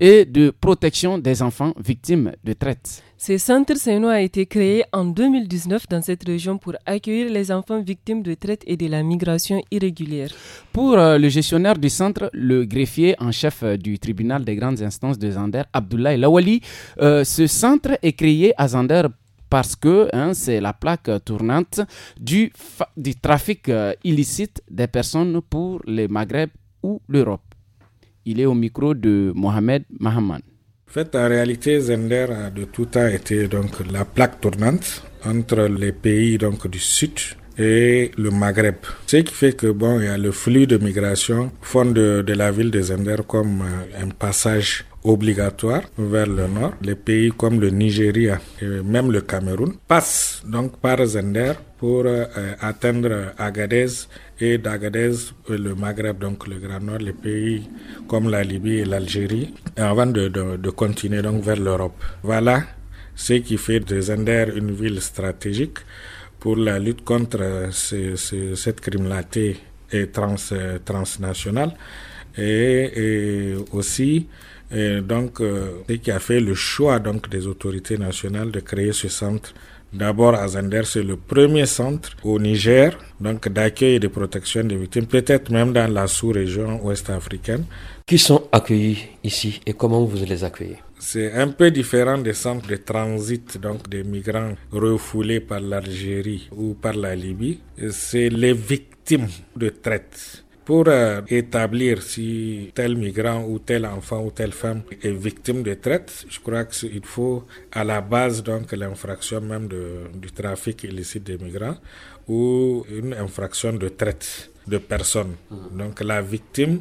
et de protection des enfants victimes de traite. Ce centre Seino a été créé en 2019 dans cette région pour accueillir les enfants victimes de traite et de la migration irrégulière. Pour euh, le gestionnaire du centre, le greffier en chef euh, du tribunal des grandes instances de Zander, Abdullah Lawali, euh, ce centre est créé à Zander parce que hein, c'est la plaque tournante du, trafic illicite des personnes pour le Maghreb ou l'Europe. Il est au micro de Mohamed Mahaman fait, en réalité, Zender a de tout temps été donc la plaque tournante entre les pays donc du sud et le Maghreb. Ce qui fait que bon, il y a le flux de migration fond de, la ville de Zender comme euh, un passage obligatoire vers le nord. Les pays comme le Nigeria et même le Cameroun passent donc par Zender pour euh, atteindre Agadez et d'Agadez euh, le Maghreb, donc le Grand Nord, les pays comme la Libye et l'Algérie, avant de, de, continuer donc vers l'Europe. Voilà ce qui fait de Zender une ville stratégique pour la lutte contre ce, cette criminalité et trans, transnationale et, aussi euh, donc ce qui a fait le choix donc des autorités nationales de créer ce centre D'abord, Azender, c'est le premier centre au Niger, donc d'accueil et de protection des victimes, peut-être même dans la sous-région ouest-africaine. Qui sont accueillis ici et comment vous les accueillez C'est un peu différent des centres de transit, donc des migrants refoulés par l'Algérie ou par la Libye. C'est les victimes de traite pour euh, établir si tel migrant ou tel enfant ou telle femme est victime de traite, je crois qu'il faut à la base donc l'infraction même de, du trafic illicite des migrants ou une infraction de traite de personnes. Mmh. Donc la victime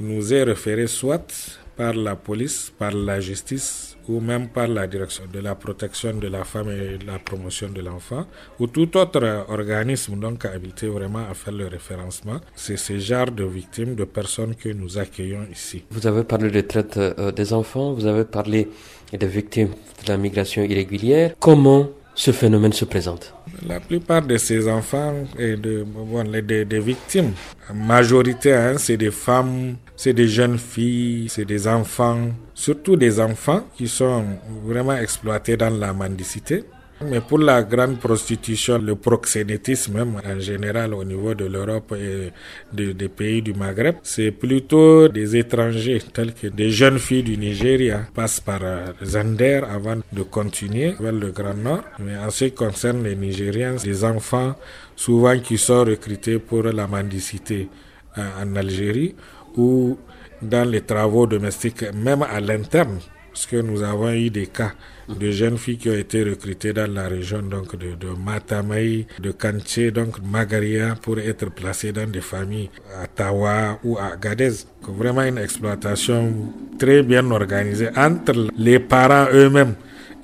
nous est référée soit par la police, par la justice, ou même par la direction de la protection de la femme et de la promotion de l'enfant, ou tout autre organisme donc habilité vraiment à faire le référencement. C'est ce genre de victimes, de personnes que nous accueillons ici. Vous avez parlé de traite euh, des enfants, vous avez parlé des victimes de la migration irrégulière. Comment ce phénomène se présente La plupart de ces enfants et de, bon, les, des, victimes, majorité, hein, c'est des femmes, c'est des jeunes filles, c'est des enfants surtout des enfants qui sont vraiment exploités dans la mendicité. Mais pour la grande prostitution, le proxénétisme même en général au niveau de l'Europe et des pays du Maghreb, c'est plutôt des étrangers tels que des jeunes filles du Nigeria passent par euh, Zander avant de continuer vers le Grand Nord. Mais en ce qui concerne les Nigériens, des enfants souvent qui sont recrutés pour la mendicité euh, en Algérie ou dans les travaux domestiques, même à l'interne, parce que nous avons eu des cas de jeunes filles qui ont été recrutées dans la région donc de, de Matamai, de Kanché, donc Magaria, pour être placées dans des familles à Tawa ou à Gadez. Vraiment une exploitation très bien organisée entre les parents eux-mêmes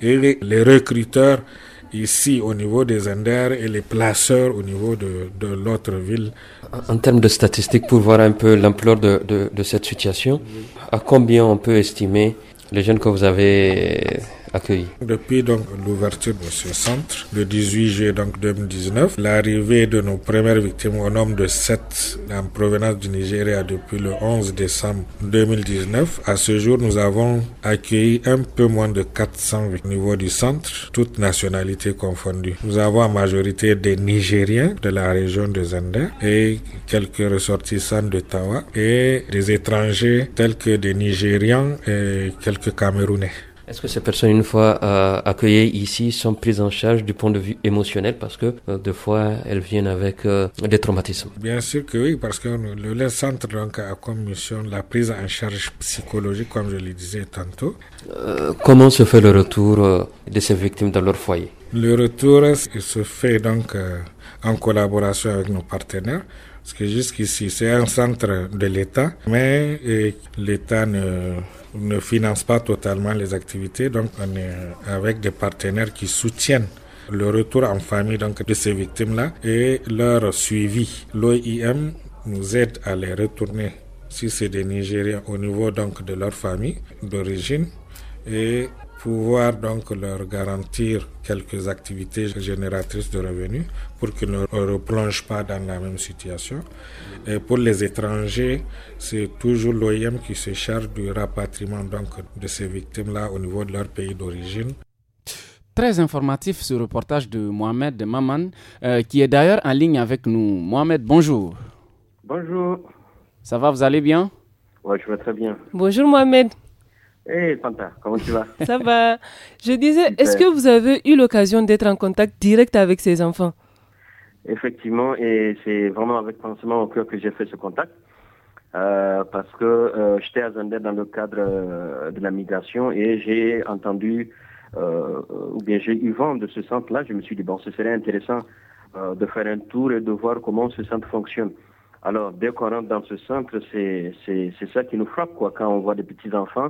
et les recruteurs ici au niveau des Anders et les placeurs au niveau de, de l'autre ville. En, termes de statistiques, pour voir un peu l'ampleur de, de, de, cette situation, à combien on peut estimer les jeunes que vous avez depuis donc l'ouverture de ce centre, le 18 juillet donc 2019, l'arrivée de nos premières victimes au nombre de 7 en provenance du Nigeria depuis le 11 décembre 2019, à ce jour, nous avons accueilli un peu moins de 400 victimes au niveau du centre, toutes nationalités confondues. Nous avons en majorité des Nigériens de la région de Zenda et quelques ressortissants de Tawa et des étrangers tels que des Nigériens et quelques Camerounais. Est-ce que ces personnes, une fois euh, accueillies ici, sont prises en charge du point de vue émotionnel parce que deux des fois, elles viennent avec euh, des traumatismes Bien sûr que oui, parce que le, centre donc, a comme mission la prise en charge psychologique, comme je le disais tantôt. Euh, comment se fait le retour de ces victimes dans leur foyer Le retour se fait donc en collaboration avec nos partenaires. Parce que jusqu'ici, c'est un centre de l'État, mais euh, l'État ne, ne finance pas totalement les activités. Donc, on est euh, avec des partenaires qui soutiennent le retour en famille donc, de ces victimes-là et leur suivi. L'OIM nous aide à les retourner si c'est des Nigériens au niveau donc de leur famille d'origine et pouvoir donc leur garantir quelques activités génératrices de revenus pour qu'ils ne replongent pas dans la même situation. Et pour les étrangers, c'est toujours l'OIM qui se charge du rapatriement donc de ces victimes-là au niveau de leur pays d'origine. Très informatif ce reportage de Mohamed de Maman, euh, qui est d'ailleurs en ligne avec nous. Mohamed, bonjour. Bonjour. Ça va, vous allez bien Oui, je vais très bien. Bonjour Mohamed. Hey eh, Panta, comment tu vas Ça va. Je disais, est-ce que vous avez eu l'occasion d'être en contact direct avec ces enfants Effectivement, et c'est vraiment avec pensement au cœur que j'ai fait ce contact. Euh, parce que euh, j'étais à Zander dans le cadre euh, de la migration et j'ai entendu, ou bien j'ai eu vent de ce centre-là. Je me suis dit, bon, ce serait intéressant de faire un tour et de voir comment ce centre fonctionne. Alors, dès qu'on rentre dans ce centre, c'est ça qui nous frappe, quoi, quand on voit des petits-enfants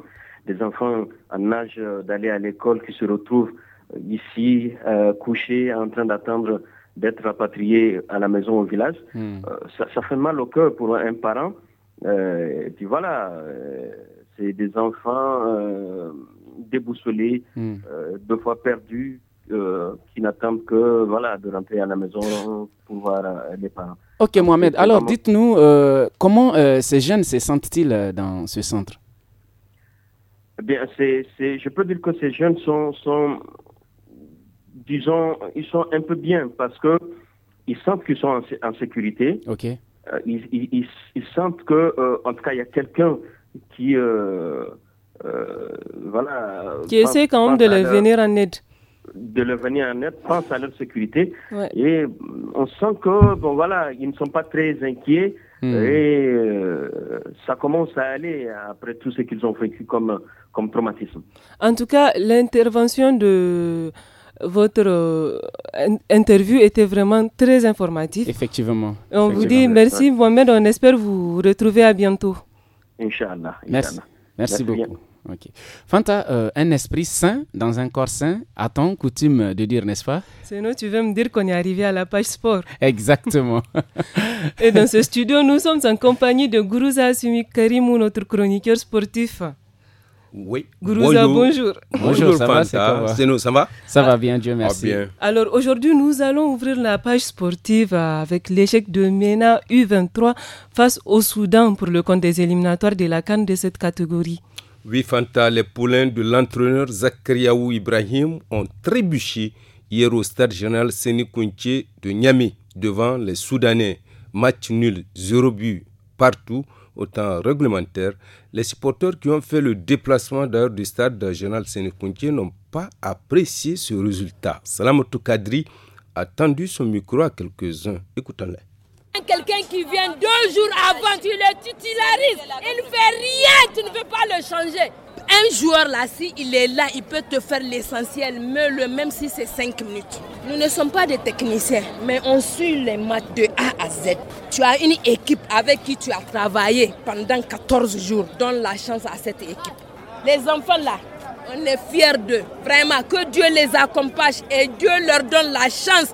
des enfants à âge euh, d'aller à l'école qui se retrouvent euh, ici euh, couchés en train d'attendre d'être rapatriés à la maison au village. Hmm. ça, fait mal au cœur pour un parent. et puis voilà, c'est des enfants déboussolés, hmm. deux fois perdus, qui n'attendent que voilà, de rentrer à la maison pour voir les parents. Ok Mohamed, alors dites-nous comment ces jeunes se sentent-ils dans ce centre eh c'est, je peux dire que ces jeunes sont, disons, ils sont un peu bien parce que ils sentent qu'ils sont en, sécurité. Euh, ils, sentent que, euh, en tout cas, il y a quelqu'un qui, euh, voilà. Qui essaie quand même de leur venir en aide. De leur venir en aide, pense à leur sécurité. Et mm, on sent que, bon, voilà, ils ne sont pas très inquiets. Hmm. Et euh, ça commence à aller après tout ce qu'ils ont vécu comme, comme traumatisme. En tout cas, l'intervention de votre euh, interview était vraiment très informative. Effectivement. on vous dit merci, Mohamed. On espère vous retrouver à bientôt. Inch'Allah. merci. merci. beaucoup. Ok. Fanta, euh, un esprit sain dans un corps sain, a ton coutume de dire, n'est-ce pas nous, tu veux me dire qu'on est arrivé à la page sport. Exactement. Et dans ce studio, nous sommes en compagnie de Guruza Asumi Karimou, notre chroniqueur sportif. Oui. Guruza, bonjour. Bonjour, ça Fanta. Va, C'est nous, ça va Ça va bien, Dieu ah, merci. Alors, aujourd'hui, nous allons ouvrir la page sportive avec l'échec de MENA U23 face au Soudan pour le compte des éliminatoires de la Cannes de cette catégorie. Fanta, les poulains de l'entraîneur Zakariaou Ibrahim ont trébuché hier au stade général Séné-Countier de Niamey devant les Soudanais. Match nul, zéro but partout au temps réglementaire. Les supporters qui ont fait le déplacement d'ailleurs du stade général Séné-Countier n'ont pas apprécié ce résultat. Salamatou Kadri a tendu son micro à quelques-uns. Écoutons-le. Quelqu'un qui vient deux jours avant, tu le titularises, il ne fait rien, tu ne veux pas le changer. Un joueur là, s'il il est là, il peut te faire l'essentiel, mais le même si c'est cinq minutes. Nous ne sommes pas des techniciens, mais on suit les maths de A à Z. Tu as une équipe avec qui tu as travaillé pendant 14 jours. Donne la chance à cette équipe. Les enfants là, on est fiers d'eux. Vraiment, que Dieu les accompagne et Dieu leur donne la chance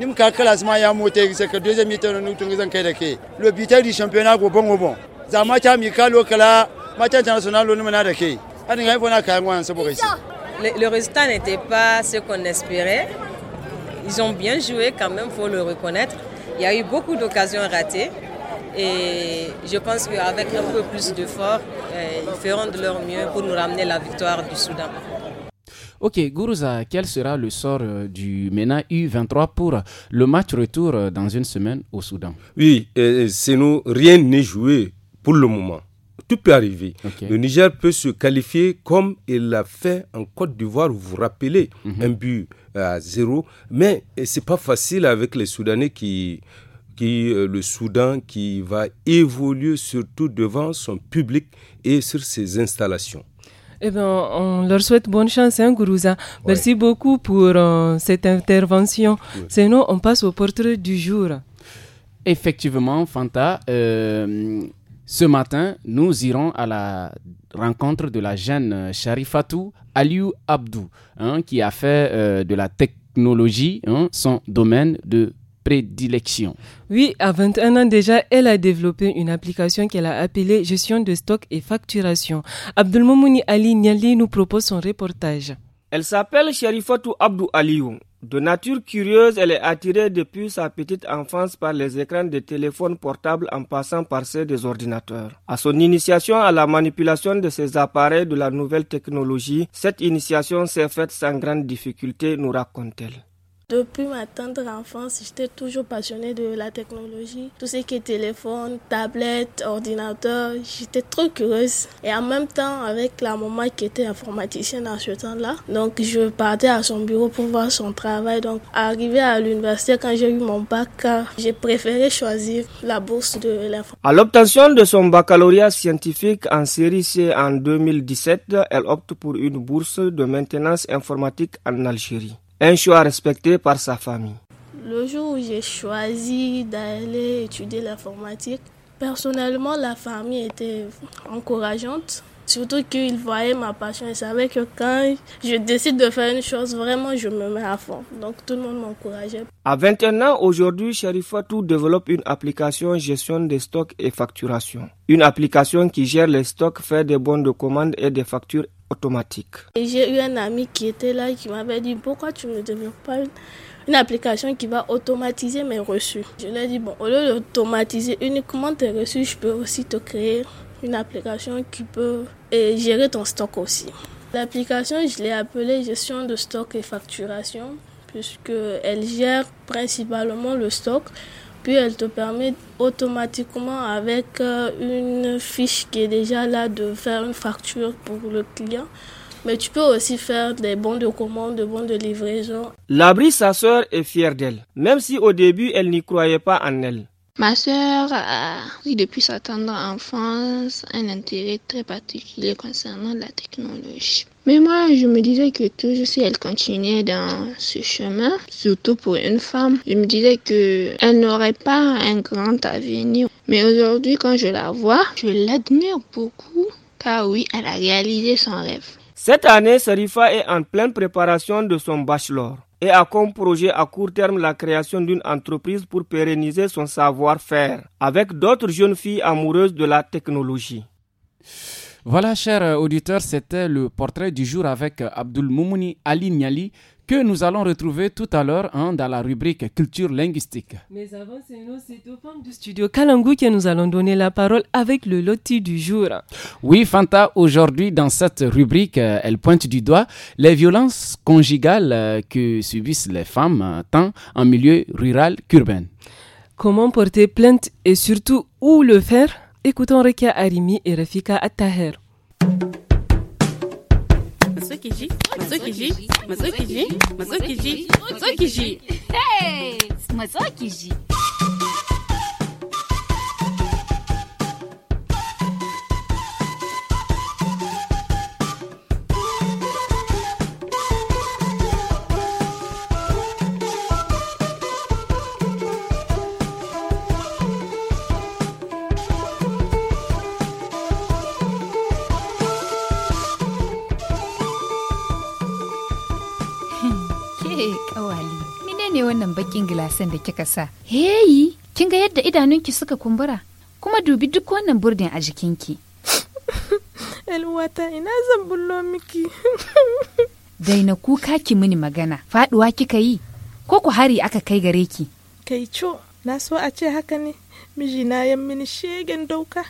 Nous avons classement ya mota yi deuxième mi-temps nous tun Le du championnat est bon bon za ma match amical, match international nous na da ke le, résultat n'était pas ce qu'on espérait ils ont bien joué quand même faut le reconnaître il y a eu beaucoup d'occasions ratées et je pense qu'avec un peu plus d'efforts, euh, ils feront de leur mieux pour nous ramener la victoire du Soudan. Ok, Gourouza, quel sera le sort euh, du MENA U23 pour le match retour euh, dans une semaine au Soudan Oui, euh, rien n'est joué pour le moment. Tout peut arriver. Le Niger peut se qualifier comme il l'a fait en Côte d'Ivoire, vous vous rappelez, mhm. un but à zéro. Mais c'est pas facile avec les Soudanais qui, qui le Soudan qui va évoluer surtout devant son public et sur ses installations. Eh bien, on leur souhaite bonne chance, hein, Merci beaucoup pour euh, cette intervention. Sinon, on passe au portrait du jour. Effectivement, Fanta, euh, ce matin, nous irons à la rencontre de la jeune Sharifatou Aliou Abdou, hein, qui a fait euh, de la technologie hein, son domaine de prédilection. Oui, à 21 ans déjà, elle a développé une application qu'elle a appelée Gestion de stock et facturation. Abdelmoumouni Ali Niali nous propose son reportage. Elle s'appelle Sharifatou Abdou Aliou. De nature curieuse, elle est attirée depuis sa petite enfance par les écrans des téléphones portables en passant par ceux des ordinateurs. À son initiation à la manipulation de ces appareils de la nouvelle technologie, cette initiation s'est faite sans grande difficulté, nous raconte-t-elle. Depuis ma tendre enfance, j'étais toujours passionnée de la technologie. Tout ce qui est téléphone, tablette, ordinateur, j'étais trop curieuse. Et en même temps, avec la maman qui était informaticienne à ce temps-là, donc je partais à son bureau pour voir son travail. Donc, arrivé à l'université, quand j'ai eu mon bac, euh, j'ai préféré choisir la bourse de l'informatique. À l'obtention de son baccalauréat scientifique en série C en 2017, elle opte pour une bourse de maintenance informatique en Algérie. Un choix respecté par sa famille. Le jour où j'ai choisi d'aller étudier l'informatique, personnellement, la famille était encourageante. Surtout qu'ils voyaient ma passion et savaient que quand je décide de faire une chose, vraiment, je me mets à fond. Donc tout le monde m'encourageait. À 21 ans, aujourd'hui, tout développe une application gestion des stocks et facturation. Une application qui gère les stocks, fait des bons de commande et des factures automatique. Et j'ai eu un ami qui était là qui m'avait dit pourquoi tu ne deviens pas une application qui va automatiser mes reçus. Je lui ai dit bon au lieu d'automatiser uniquement tes reçus, je peux aussi te créer une application qui peut gérer ton stock aussi. L'application, je l'ai appelée gestion de stock et facturation puisque elle gère principalement le stock puis elle te permet automatiquement avec euh, une fiche qui est déjà là de faire une facture pour le client. Mais tu peux aussi faire des bons de commande, des bons de livraison. Labri, sa sœur, est fière d'elle, même si au début, elle n'y croyait pas en elle. Ma sœur a, depuis sa tendre enfance, un intérêt très particulier concernant la technologie. Mais moi, je me disais que toujours si elle continuait dans ce chemin, surtout pour une femme, je me disais que elle n'aurait pas un grand avenir. Mais aujourd'hui, quand je la vois, je l'admire beaucoup, car oui, elle a réalisé son rêve. Cette année, Sarifa est en pleine préparation de son bachelor et a comme projet à court terme la création d'une entreprise pour pérenniser son savoir-faire avec d'autres jeunes filles amoureuses de la technologie. Voilà, chers auditeurs, c'était le portrait du jour avec Abdul Moumouni Ali Niali que nous allons retrouver tout à l'heure hein, dans la rubrique culture linguistique. Mais avant, c'est nous, c'est aux femmes du studio Kalangou que nous allons donner la parole avec le loti du jour. Oui, Fanta, aujourd'hui, dans cette rubrique, euh, elle pointe du doigt les violences conjugales euh, que subissent les femmes, euh, tant en milieu rural qu'urbain. Comment porter plainte et surtout où le faire Écoutons Rekia Arimi et Rafika Attaher. Kiji. Matsukiji, Kiji. Matsukiji, Kiji. Hey! Kiji. gilasan da kika sa heyi kin ga yadda idanunki suka kumbura kuma dubi duk wannan burdin a jikinki Elwata ina zan bullo miki daina kuka ki mini magana faduwa kika yi ko ku hari aka kai gare ki kai co na so a ce haka ne mijina ya mini shegen dauka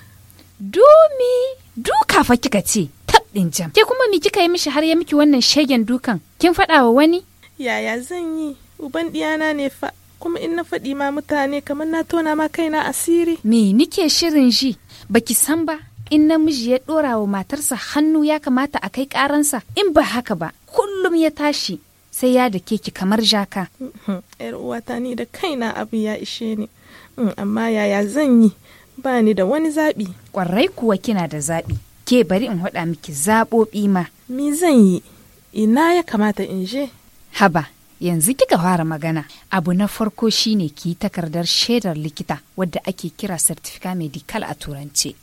dumi duka fa kika ce tabɗin jam ke kuma mi kika yi mishi har ya miki wannan shegen dukan kin faɗa wa wani yaya zan yi uban ɗiyana ne fa kuma in na faɗi ma mutane kamar na tona ma kaina asiri me nike shirin ji baki san ba in namiji ya ɗora wa matarsa hannu ya kamata a kai ƙaransa in ba haka ba kullum ya tashi sai ya da keki kamar jaka. Uhm, ‘Yar uwata ni da kaina abu ya ishe ni, uhm, amma yaya zan yi ba ni da wani zaɓi. Ƙwarai kuwa kina da zaɓi, ke bari in haɗa miki zaɓoɓi ma. Me zan yi, ina ya kamata in je? Haba, yanzu kika fara magana abu na farko shine ki yi takardar shaidar likita wadda ake kira certificate medical a turance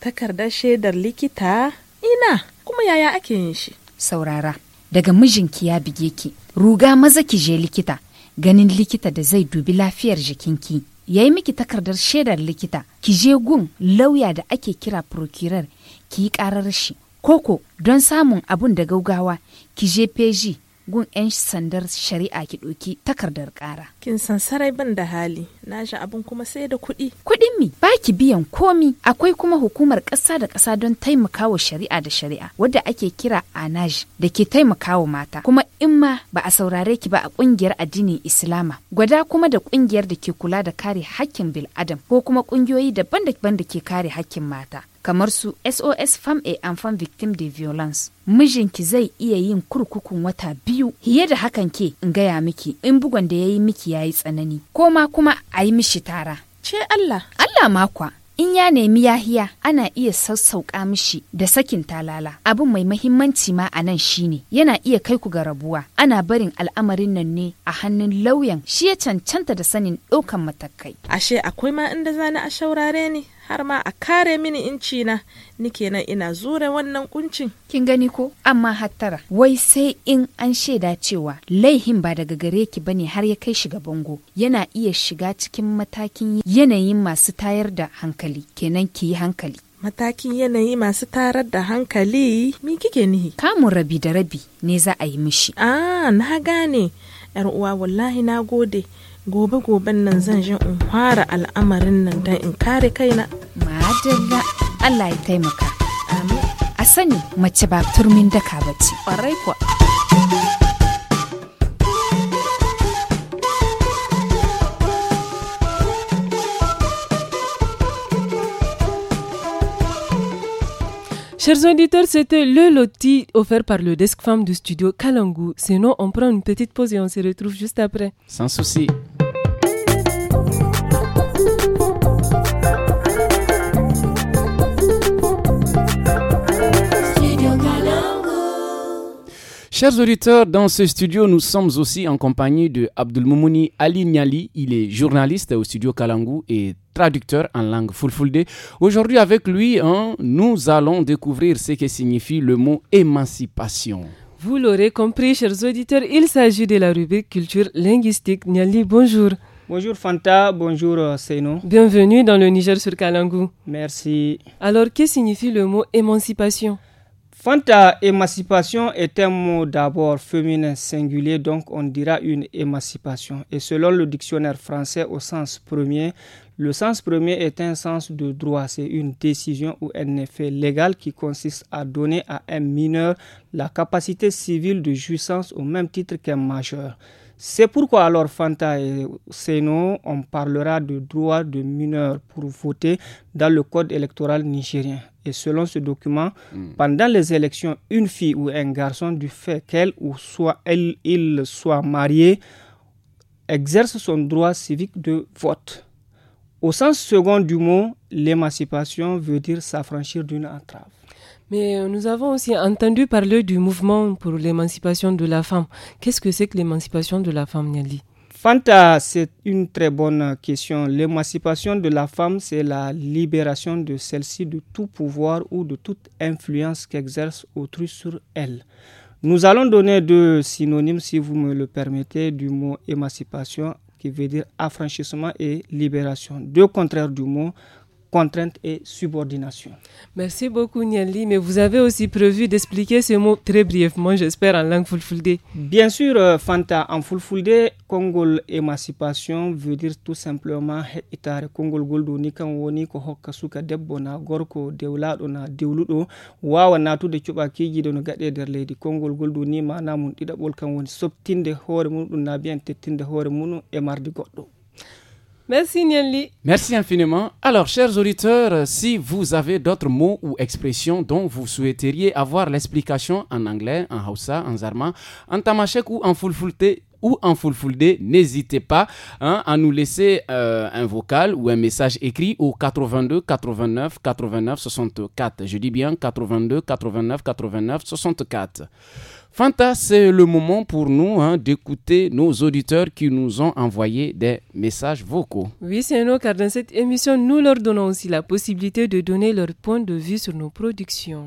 takardar shaidar likita ina kuma yaya ake yin shi saurara daga mijinki ya bige ki ruga maza ki je likita ganin likita da zai dubi lafiyar jikinki ya yi miki takardar shaidar likita ki je gun lauya da ake kira procurer ki yi karar shi koko don samun abun da gaugawa ki je peji gun 'yan sandar shari'a ki ɗauki takardar ƙara Kin san sarai ban da hali, na sha abin kuma sai da kuɗi. Kuɗin mi, baki biyan komi. Akwai kuma hukumar ƙasa da ƙasa don taimakawa shari'a da shari'a, wadda ake kira ANAJ da ke taimakawa mata. Kuma in ma ba a saurare ki ba a ƙungiyar addinin Islama, gwada kuma da ƙungiyar da ke kula da kare hakkin bil'adam ko kuma ƙungiyoyi daban-daban da ke kare hakkin mata. kamar su SOS Fam A fam Victim de Violence. Mijinki zai iya yin kurkukun wata biyu, hiye da hakan ke in gaya miki in bugon da ya yi miki yayi ya yi tsanani ko ma kuma a yi mishi tara. Ce Allah. Allah makwa. In ya nemi yahiya ana iya sassauƙa mishi da sakin talala. Abin mai mahimmanci ma a nan shi ne. yana iya kai ku ga rabuwa. Ana barin al'amarin nan ne a hannun lauyan shi ya cancanta da sanin ɗaukan matakai. Ashe akwai ma inda zana a shaurare ne. har ma a kare mini inci na nike nan ina zure wannan kuncin kin gani ko amma hattara wai sai in an shaida cewa laihin ba daga gare ki bane har ya kai shi ga bango yana iya shiga cikin matakin yanayin masu tayar da hankali kenan ki yi hankali matakin yanayi masu tarar da hankali mi kike nihi kamun rabi da rabi ne za a yi mishi ah na gane yar uwa wallahi na gode gobe goben nan zan je in fara al'amarin nan don in kare kaina madalla Allah ya taimaka amin a sani mace ba turmin daka bace kwarai kuwa Chers auditeurs, c'était le loti offert par le desk femme du studio Kalangu. Sinon, on prend une petite pause et on se retrouve juste après. Sans souci. Chers auditeurs, dans ce studio, nous sommes aussi en compagnie de Moumouni Ali Niali. Il est journaliste au studio Kalangou et traducteur en langue fulfulde. Aujourd'hui, avec lui, hein, nous allons découvrir ce que signifie le mot émancipation. Vous l'aurez compris, chers auditeurs, il s'agit de la rubrique culture linguistique. Niali, bonjour. Bonjour Fanta, bonjour euh, Seino. Bienvenue dans le Niger sur Kalangu. Merci. Alors, que signifie le mot émancipation Fanta, émancipation est un mot d'abord féminin singulier, donc on dira une émancipation. Et selon le dictionnaire français au sens premier, le sens premier est un sens de droit, c'est une décision ou un effet légal qui consiste à donner à un mineur la capacité civile de jouissance au même titre qu'un majeur. C'est pourquoi alors Fanta et Seno, on parlera de droit de mineurs pour voter dans le code électoral nigérien. Et selon ce document, hmm. pendant les élections, une fille ou un garçon, du fait qu'elle ou soit elle, il soit marié, exerce son droit civique de vote. Au sens second du mot, l'émancipation veut dire s'affranchir d'une entrave. Mais euh, nous avons aussi entendu parler du mouvement pour l'émancipation de la femme. Qu'est-ce que c'est que l'émancipation de la femme, Niali Fanta, c'est une très bonne question. L'émancipation de la femme, c'est la libération de celle-ci de tout pouvoir ou de toute influence qu'exerce autrui sur elle. Nous allons donner deux synonymes, si vous me le permettez, du mot émancipation qui veut dire affranchissement et libération. Deux contraires du mot contrainte et subordination. Merci beaucoup Niali, mais vous avez aussi prévu d'expliquer ces mots très brièvement, j'espère, en langue fulfulde. Bien sûr, euh, Fanta, en fulfulde, Kongol émancipation veut dire tout simplement itare Kongol goldu ni kan woni ko hokka suka debbo gorko dewlaɗo na dewluɗo wawa natude de do no gade e der leydi Kongol goldu ni mana dida bol kan woni soptinde hore mum na bien tettinde hore mun e mardi goddo. Merci Nianli. Merci infiniment. Alors, chers auditeurs, euh, si vous avez d'autres mots ou expressions dont vous souhaiteriez avoir l'explication en anglais, en Hausa, en Zarma, en Tamashek ou en Fulfulté, ou en Fulfulde, n'hésitez pas hein, à nous laisser euh, un vocal ou un message écrit au 82 89 89 64. Je dis bien 82 89 89 64. Fanta, c'est le moment pour nous hein, d'écouter nos auditeurs qui nous ont envoyé des messages vocaux. Oui, c'est nous, car dans cette émission, nous leur donnons aussi la possibilité de donner leur point de vue sur nos productions.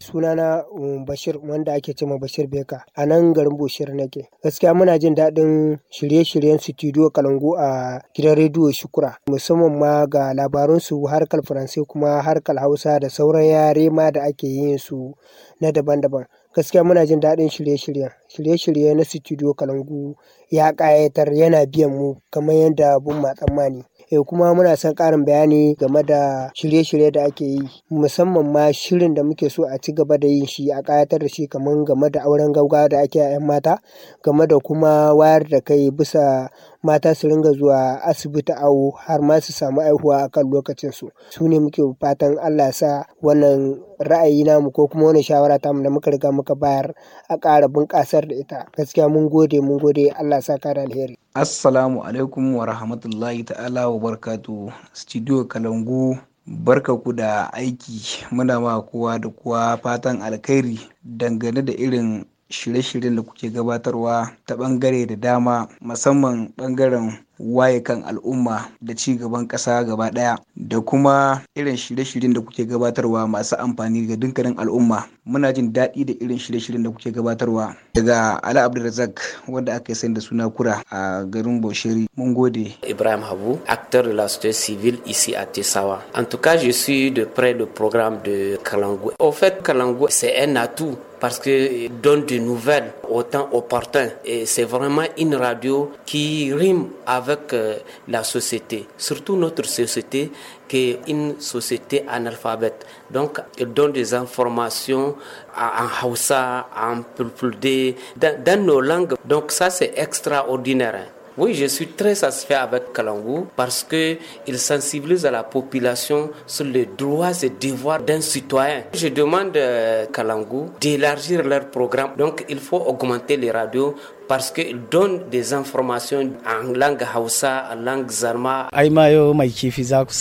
sunana um, bashir wanda ake ce ma bashir beka a nan garin boshir nake gaskiya muna jin daɗin shirye-shiryen studio kalangu a gidan rediyo shukura musamman ma ga labarunsu harkar faransai kuma harkar hausa da sauran yare ma da ake yin su na daban-daban Gaskiya muna jin daɗin shirye-shiryen. Shirye-shirye na Studio Kalangu ya ƙayatar, yana biyan mu kamar yadda abun ma tsammani. Eh kuma muna son karin bayani game da shirye-shirye da ake yi, musamman ma shirin da muke so a ci gaba da yin shi, a kayatar da shi kamar game da auren gauga da ake a 'yan mata, game da kuma wayar da kai bisa mata su ringa zuwa asibiti awo har ma su samu haihuwa kan lokacin Su su ne muke fatan Allah sa wannan ra'ayi namu ko kuma wani shawara tamu da muka riga muka bayar a ƙara bunƙasar da ita. Gaskiya mun gode, mun gode Allah sa kara alheri. assalamu alaikum wa rahmatullahi ta'ala wa barkatu studio kalangu barka ku da aiki muna ma kowa da kowa fatan alkhairi dangane da irin shirye-shiryen da kuke gabatarwa ta ɓangare da dama musamman ɓangaren. waye kan al'umma da ci gaban ƙasa gaba ɗaya da kuma irin shirye-shiryen da kuke gabatarwa masu amfani ga dukkanin al'umma muna jin daɗi da irin shirye-shiryen da kuke gabatarwa daga ala abdulrazak wanda aka yi da suna kura a garin bosheri mun gode ibrahim habu acteur de la société civile ici à tessawa en tout cas je suis de près le programme de kalango au fait kalango c'est un atout parce que donne des nouvelles autant opportun et c'est vraiment une radio qui rime avec avec euh, la société, surtout notre société qui est une société analphabète. Donc, elle donne des informations en Hausa, en Pulpulde, dans nos langues. Donc, ça, c'est extraordinaire. Hein. Oui, je suis très satisfait avec Kalangu parce qu'il sensibilise la population sur les droits et devoirs d'un citoyen. Je demande à euh, Kalangou d'élargir leur programme. Donc, il faut augmenter les radios parce qu'ils donnent des informations en langue Hausa, en langue Zarma. Aimayo mai kifi za ku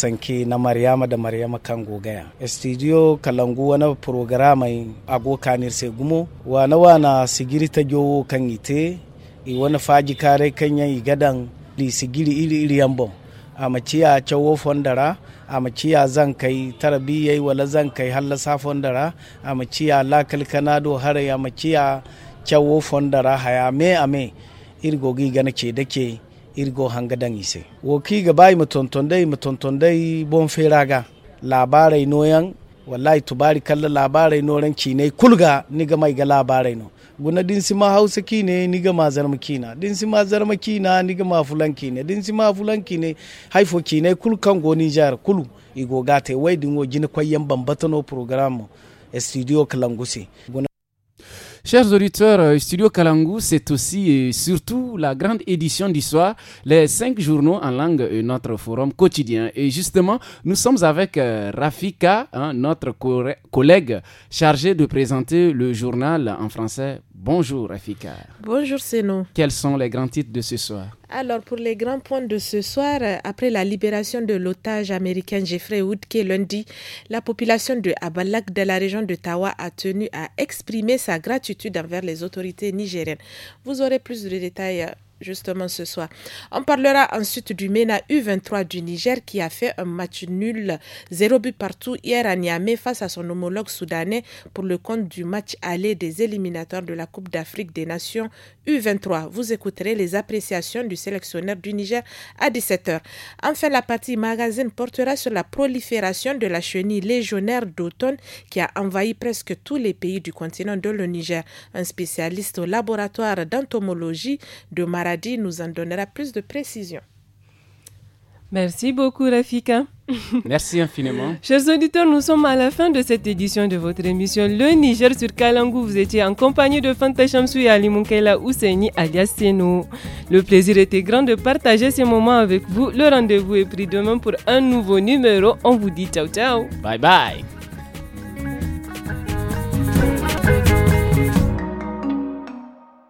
na Mariama da Mariama kan gogaya. Studio Kalangu wani programai agokanir sai gumo wana wana sigiri ta gyowo kan i wani faji kare kanyan i gadan li sigiri iri iri yambon amaciya cewo fondara amaciya zan kai tarabiyai wala zan kai halla sa fondara amaciya lakal kanado hare amaciya cewo fondara haya me ame irgo gi gana ce dake irgo hanga dan ise woki ga bai mutonton dai mutonton dai bon feraga labarai noyan wallahi tubari kalla labarai no ranci ne kulga ni ga mai ga labarai no guna din si ma hausa ki ne ni ga ma zarma ki na din si ma zarma ki na ni ga ma fulan ki ne din si ma fulan ne haifo ki ne kul kan go ni jar kulu igo te wai din wo jini kwayyan bambata no program studio kalanguse Chers auditeurs, euh, Studio Kalangu, c'est aussi et euh, surtout la grande édition du soir, les cinq journaux en langue, et euh, notre forum quotidien. Et justement, nous sommes avec Rafika, hein, notre collègue chargé de présenter le journal en français Bonjour Afika. Bonjour Seno. Quels sont les grands titres de ce soir Alors pour les grands points de ce soir, euh, après la libération de l'otage américain Jeffrey est lundi, la population de Abalak de la région de Tawa a tenu à exprimer sa gratitude envers les autorités nigériennes. Vous aurez plus de détails euh, justement ce soir. On parlera ensuite du MENA U23 du Niger qui a fait un match nul, zéro but partout hier à Niamey face à son homologue soudanais pour le compte du match aller des éliminateurs de la Coupe d'Afrique des Nations U23. Vous écouterez les appréciations du sélectionneur du Niger à 17h. Enfin, la partie magazine portera sur la prolifération de la chenille légionnaire d'automne qui a envahi presque tous les pays du continent de le Niger. Un spécialiste au laboratoire d'entomologie de dit nous en donnera plus de précisions. Merci beaucoup, Rafika. Merci infiniment. Chers auditeurs, nous sommes à la fin de cette édition de votre émission Le Niger sur Kalangou. Vous étiez en compagnie de Fanta Chamsou Ali Munkela Ouseni alias Senou. Le plaisir était grand de partager ces moments avec vous. Le rendez-vous est pris demain pour un nouveau numéro. On vous dit ciao ciao. Bye bye.